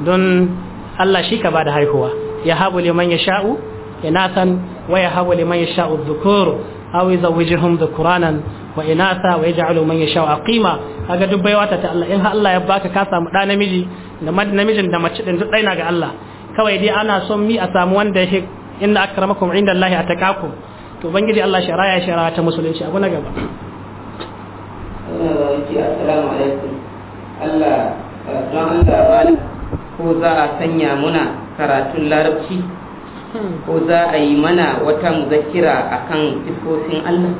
don Allah shi ka ba da haihuwa ya habu liman yasha'u sha'u ya nasan ويهب لمن يشاء الذكور أو يزوجهم ذكرانا وإناثا ويجعل من يشاء عقيما هذا دبي واتا الله إن الله يباك كاسا دا نمجي نمجي نمجي نمجي الله kawai dai ana son mi a samu wanda ya inna akramakum inda Allah a to bangiji Allah shari'a shari'a ta musulunci abu na gaba assalamu alaikum Allah don Allah ko za a sanya muna karatun larabci ko za a yi mana wata muzakira akan sifofin Allah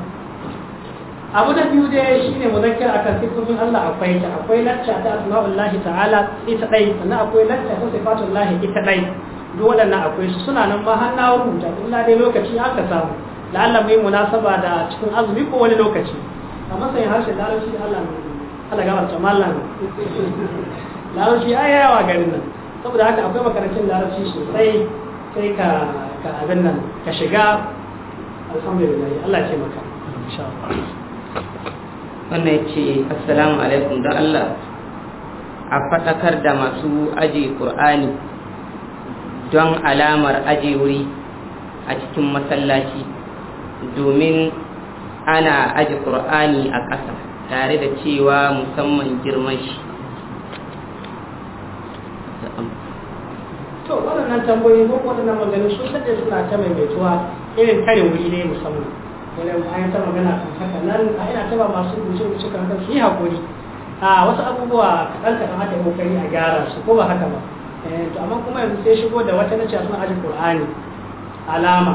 abu na biyu dai shi ne a kan sifofin Allah akwai ta akwai lacca ta asma'ullahi ta'ala ita ɗai, sannan akwai lacca ta lahi ita ɗai. duk waɗannan akwai su suna nan ba har na rubuta illa dai lokaci aka samu Allah mai munasaba da cikin azumi ko wani lokaci a matsayin harshen larabci Allah Allah gafarta mallam larabci ai yawa garin nan saboda haka akwai makarantun larabci sosai sai ka ka abin nan ka shiga alhamdulillah Allah ya ce maka insha Allah wannan ya ce assalamu alaikum don Allah a faɗakar da masu aji qur'ani don alamar aji wuri a cikin masallaci domin ana aji qur'ani a ƙasa tare da cewa musamman girman shi to waɗannan tambayoyi ko waɗannan maganin sun sade suna ta maimaituwa irin kare wuri ne musamman wani an ta magana kan haka nan a ina taba masu rubuce-rubuce kan kan su yi haƙuri a wasu abubuwa kaɗan kaɗan haka kokari a gyara su ko ba haka ba eh, to amma kuma yanzu sai shigo da wata nace suna aji Al-ƙur'ani. alama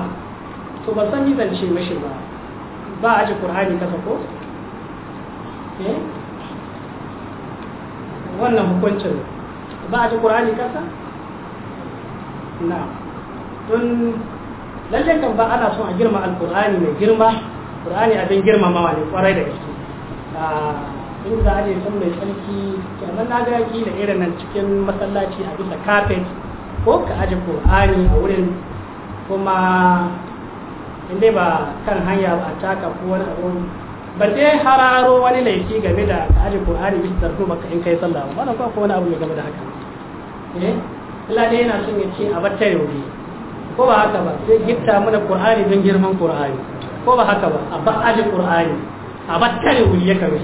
to ba san ni zan ce mishi ba ba aji Al-ƙur'ani kasa ko eh? wannan hukuncin ba aji Al-ƙur'ani kasa na'am tun lallai kan ba ana son a girma alkur'ani mai girma qur'ani abin girmamawa ne kwarai da gaske in za a je sun mai tsarki kenan na ga da irin nan cikin masallaci a bisa kafet ko ka aje kur'ani a wurin kuma in ba kan hanya ba a taka ko wani abu ba dai hararo wani laifi game da ka aje kur'ani bisa tarko baka in kai sallah ba wannan ko wani abu mai game da haka eh Allah ne yana son ya ce a bata yaudi ko ba haka ba sai gifta mana Qur'ani don girman Qur'ani ko ba haka ba a ba aji Qur'ani a bata yaudi ya kawai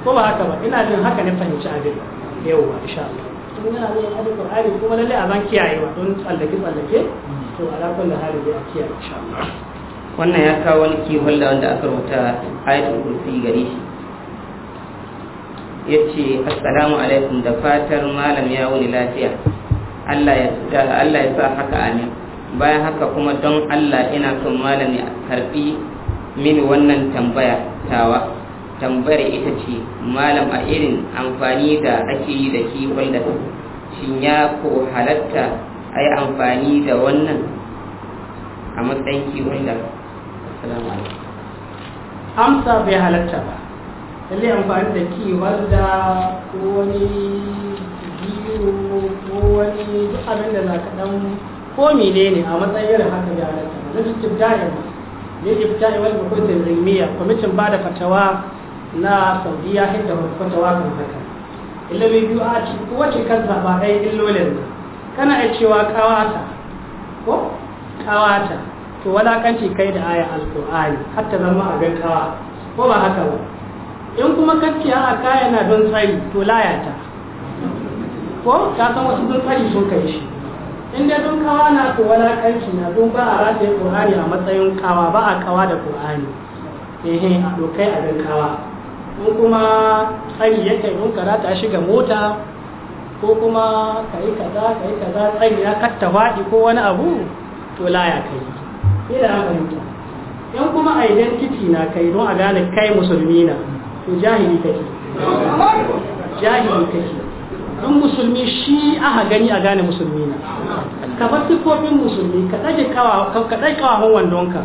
ko ba haka ba ina jin haka ne fahimci abin yauwa insha Allah tun yana zai aji Qur'ani kuma lalle a ban kiyayewa don tsallake tsallake to ala kullu hali dai a kiyaye insha Allah wannan ya kawo wani kihon da wanda aka rubuta ayatul kursi gare shi ya ce assalamu alaikum da fatar malam ya wuni lafiya Allah ya sa haka a ni bayan haka kuma don Allah ina son malami a karbi mini wannan tambaya tawa tambayar ita ce malam a irin amfani da ake yi da shi wanda shin ya ko halatta a yi amfani da wannan a matsayin kiwon da salamu alaikum amsa bai halatta ba lalle amfani da kiwon da wani biyu wani duk abin da za ka dan ko mene ne a matsayin irin haka da halatta na cikin da'ima ne ibta'i wal bukutin rimiyya kwamitin ba da fatawa na saudiya hidda fatawa kan haka ilimi biyu a ci wacce kan zaɓa ɗaya illolin kana iya cewa kawata ko kawata to walakanci kai da aya alƙur'ani hatta zama a ga gaggawa ko ba haka ba in kuma kacciya a kaya na don tsari to layata ko ka san wasu sun sun kai shi in dai don kawa na ko walakanci na don ba a rataye qur'ani a matsayin kawa ba a kawa da qur'ani eh a kai a don kawa ko kuma tsari ya kai don karata shi ga mota ko kuma ka yi kaza ka yi kaza tsari ya katta faɗi ko wani abu to laya ka yi ila an fahimta in kuma identity na kai don a gane kai musulmi na to jahili kake jahili kake duk musulmi shi aka gani a gane musulmi na ka bar siffofin musulmi ka ɗage kawahon wandonka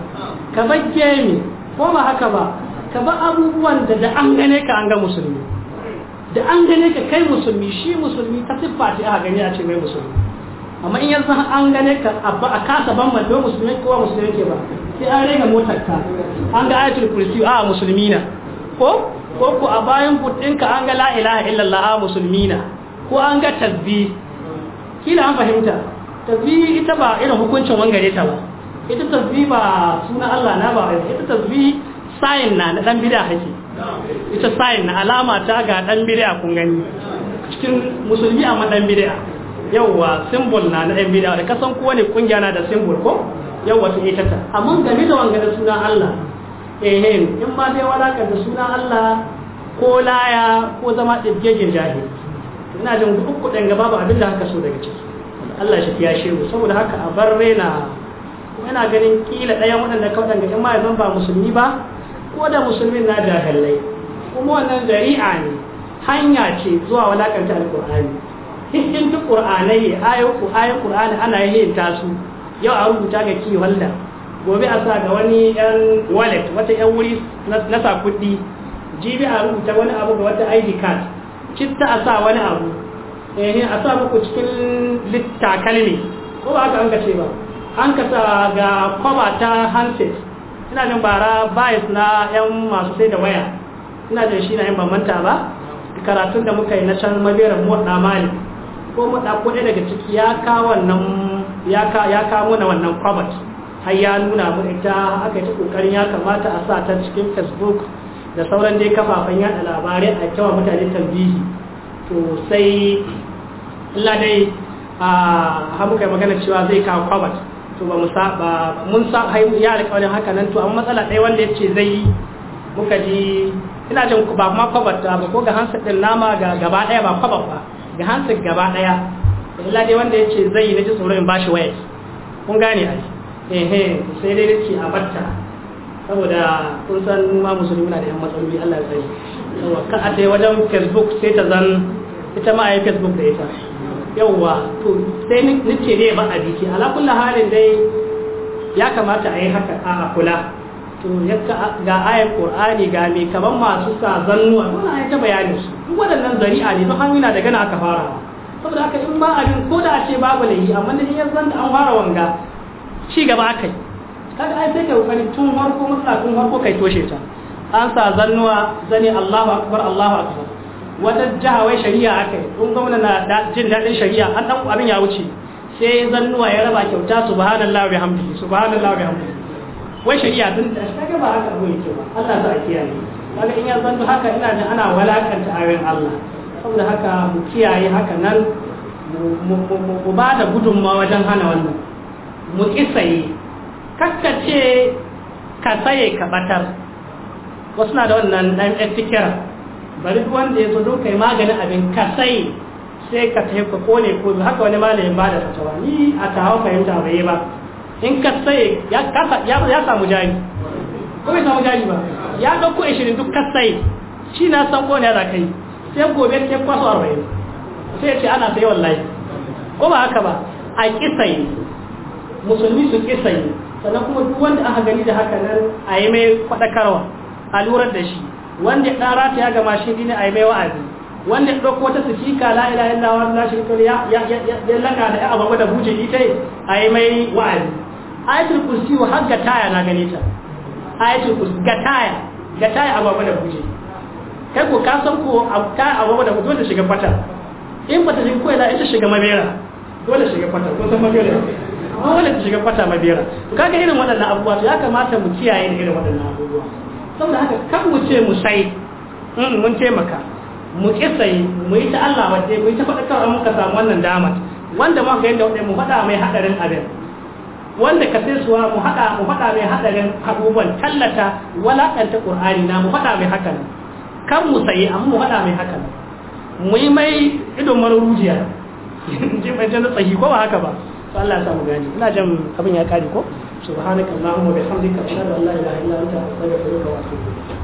ka bar gemi ko ba haka ba ka bar abubuwan da da an gane ka an ga musulmi da an gane ka kai musulmi shi musulmi ta siffa ce aka gani a ce mai musulmi amma in yanzu an gane ka a kasa ban mai musulmi kowa musulmi ke ba sai an rage motar ka an ga ayatul kursi a musulmi na ko ko ku a bayan buɗinka an ga la ilaha illallah a musulmi na ko an ga tasbi kila an fahimta tasbi ita ba irin hukuncin wangare ta ba ita tasbi ba suna Allah na ba ita tasbi sayin na na dan bid'a hake ita sayin na alama ta ga dan bid'a kun gani cikin musulmi amma dan bid'a yawwa symbol na na dan bid'a da kasan ne kungiya na da symbol ko yawwa su ita ta amma game da wangare suna Allah eh in ma dai walakar da suna Allah ko laya ko zama ɗirgegen jahili ina jin duk kuɗin ga babu abin da haka so daga ciki Allah shi ya shehu saboda haka a bar raina ina ganin kila ɗaya waɗanda ka waɗanda in ma ba musulmi ba ko da musulmin na jahilai kuma wannan dari'a ne hanya ce zuwa walakanta alƙur'ani hikin duk ƙur'anai ayoyin ƙur'ani ana yin tasu yau a rubuta ga ki walla gobe a sa ga wani yan wallet wata yan wuri na sa kuɗi jibi a rubuta wani abu ga wata id card citta a sa wani abu eh a sa muku cikin kalmi ko ba haka an kace ba an ka sa ga kwaba ta handset ina jin bara bias na yan masu sai da waya ina jin shi na yan bambanta ba karatun da muka yi na can maberan na mali ko da ko daga ciki ya ka wannan ya ka ya ka na wannan kwabat har ya nuna mu ita aka yi ta kokarin ya kamata a sa ta cikin facebook da sauran dai kafafen yada labarai a cewa mutane tambihi to sai Allah dai a hamu kai magana cewa zai kawo kwabat to ba mun sa ya alƙawarin haka nan to amma matsala ɗaya wanda ya ce zai yi muka ji ina jin ba ma kwabat ta ba ko ga hansa din nama ga gaba ɗaya ba kwabat ba ga hansa gaba ɗaya illa dai wanda yace zai na ji tsoro in bashi waya kun gane ai eh eh sai dai ce a batta saboda kun san ma musulmi na da yan matsaloli Allah ya sani yawa ka a wajen facebook sai ta zan ita ma a yi facebook da ita yawa to sai ni ce ne ba a biki ala kullu halin dai ya kamata a yi haka a kula to yadda ga ayar qur'ani ga mai kaman masu sa zannuwa wannan ayar ta bayanin su duk waɗannan zari'a ne ba hanyoyi na daga na aka fara saboda haka in ba abin ko da a ce babu laifi amma da in zan da an fara wanga ci gaba kaga ai sai ka kokari tun farko matsala tun farko kai toshe ta an sa zannuwa zane Allahu akbar Allahu akbar wata jahawai shari'a akai in gwamna na jin daɗin shari'a an dan abin ya wuce sai zannuwa ya raba kyauta subhanallahi wa bihamdihi subhanallahi wa bihamdihi wai shari'a tun da shi kaga ba haka abin yake ba Allah za a kiyaye Wani in ya zanto haka ina da ana walakanta ayoyin Allah saboda haka mu kiyaye haka nan mu ba da gudunmawa wajen hana wannan mu kisaye kakka ce ka tsaye ka batar wasu na da wannan ɗan etikira bari wanda ya zo don yi maganin abin ka tsaye, sai ka tafi ka kone ko haka wani malamin ba da fatawa ni a ta hau fahimta bai yi ba in ka tsaye, ya samu jari ko bai samu jari ba ya ɗauko ishirin duk ka tsaye. shi na san kone ya za kai sai gobe ke kwaso arba'in sai ce ana sai wallahi ko ba haka ba a kisai musulmi su kisai sannan kuma duk wanda aka gani da haka nan a yi mai faɗakarwa a lurar da shi wanda ɗan rata ya gama shi ne a yi mai wa'azi wanda ya ɗauko wata sifika la ila illa wa la shirka ya ya laka da abu da buje ita a yi mai wa'azi ayatul kursi wa har gataya na gani ta ayatul kursi gataya gataya abu da buje kai ko ka san ko ta abu da buje wanda shiga fata in ba ta shiga ko ina ita shiga mabera dole shiga kwata kun san mabiyar yau dole su shiga kwata mabiyar to kaga irin waɗannan abubuwa to ya kamata mu kiyaye irin waɗannan abubuwa saboda haka kan mu ce mu sai mun taimaka mu ki sai mu yi ta Allah wadda mu yi ta faɗakar an muka samu wannan damar wanda muka yadda wadda mu faɗa mai haɗarin abin wanda ka sai suwa mu haɗa mu faɗa mai haɗarin abubuwan tallata walaƙanta ƙur'ani na mu faɗa mai hakan kan mu sai amma mu faɗa mai hakan mu yi mai idon marurujiya je mai jana tsahi ko ba haka ba to Allah ya samu gani ina jin abin ya kare ko subhanaka allahumma bihamdika ashhadu an la ilaha illa anta astaghfiruka wa atubu ilayk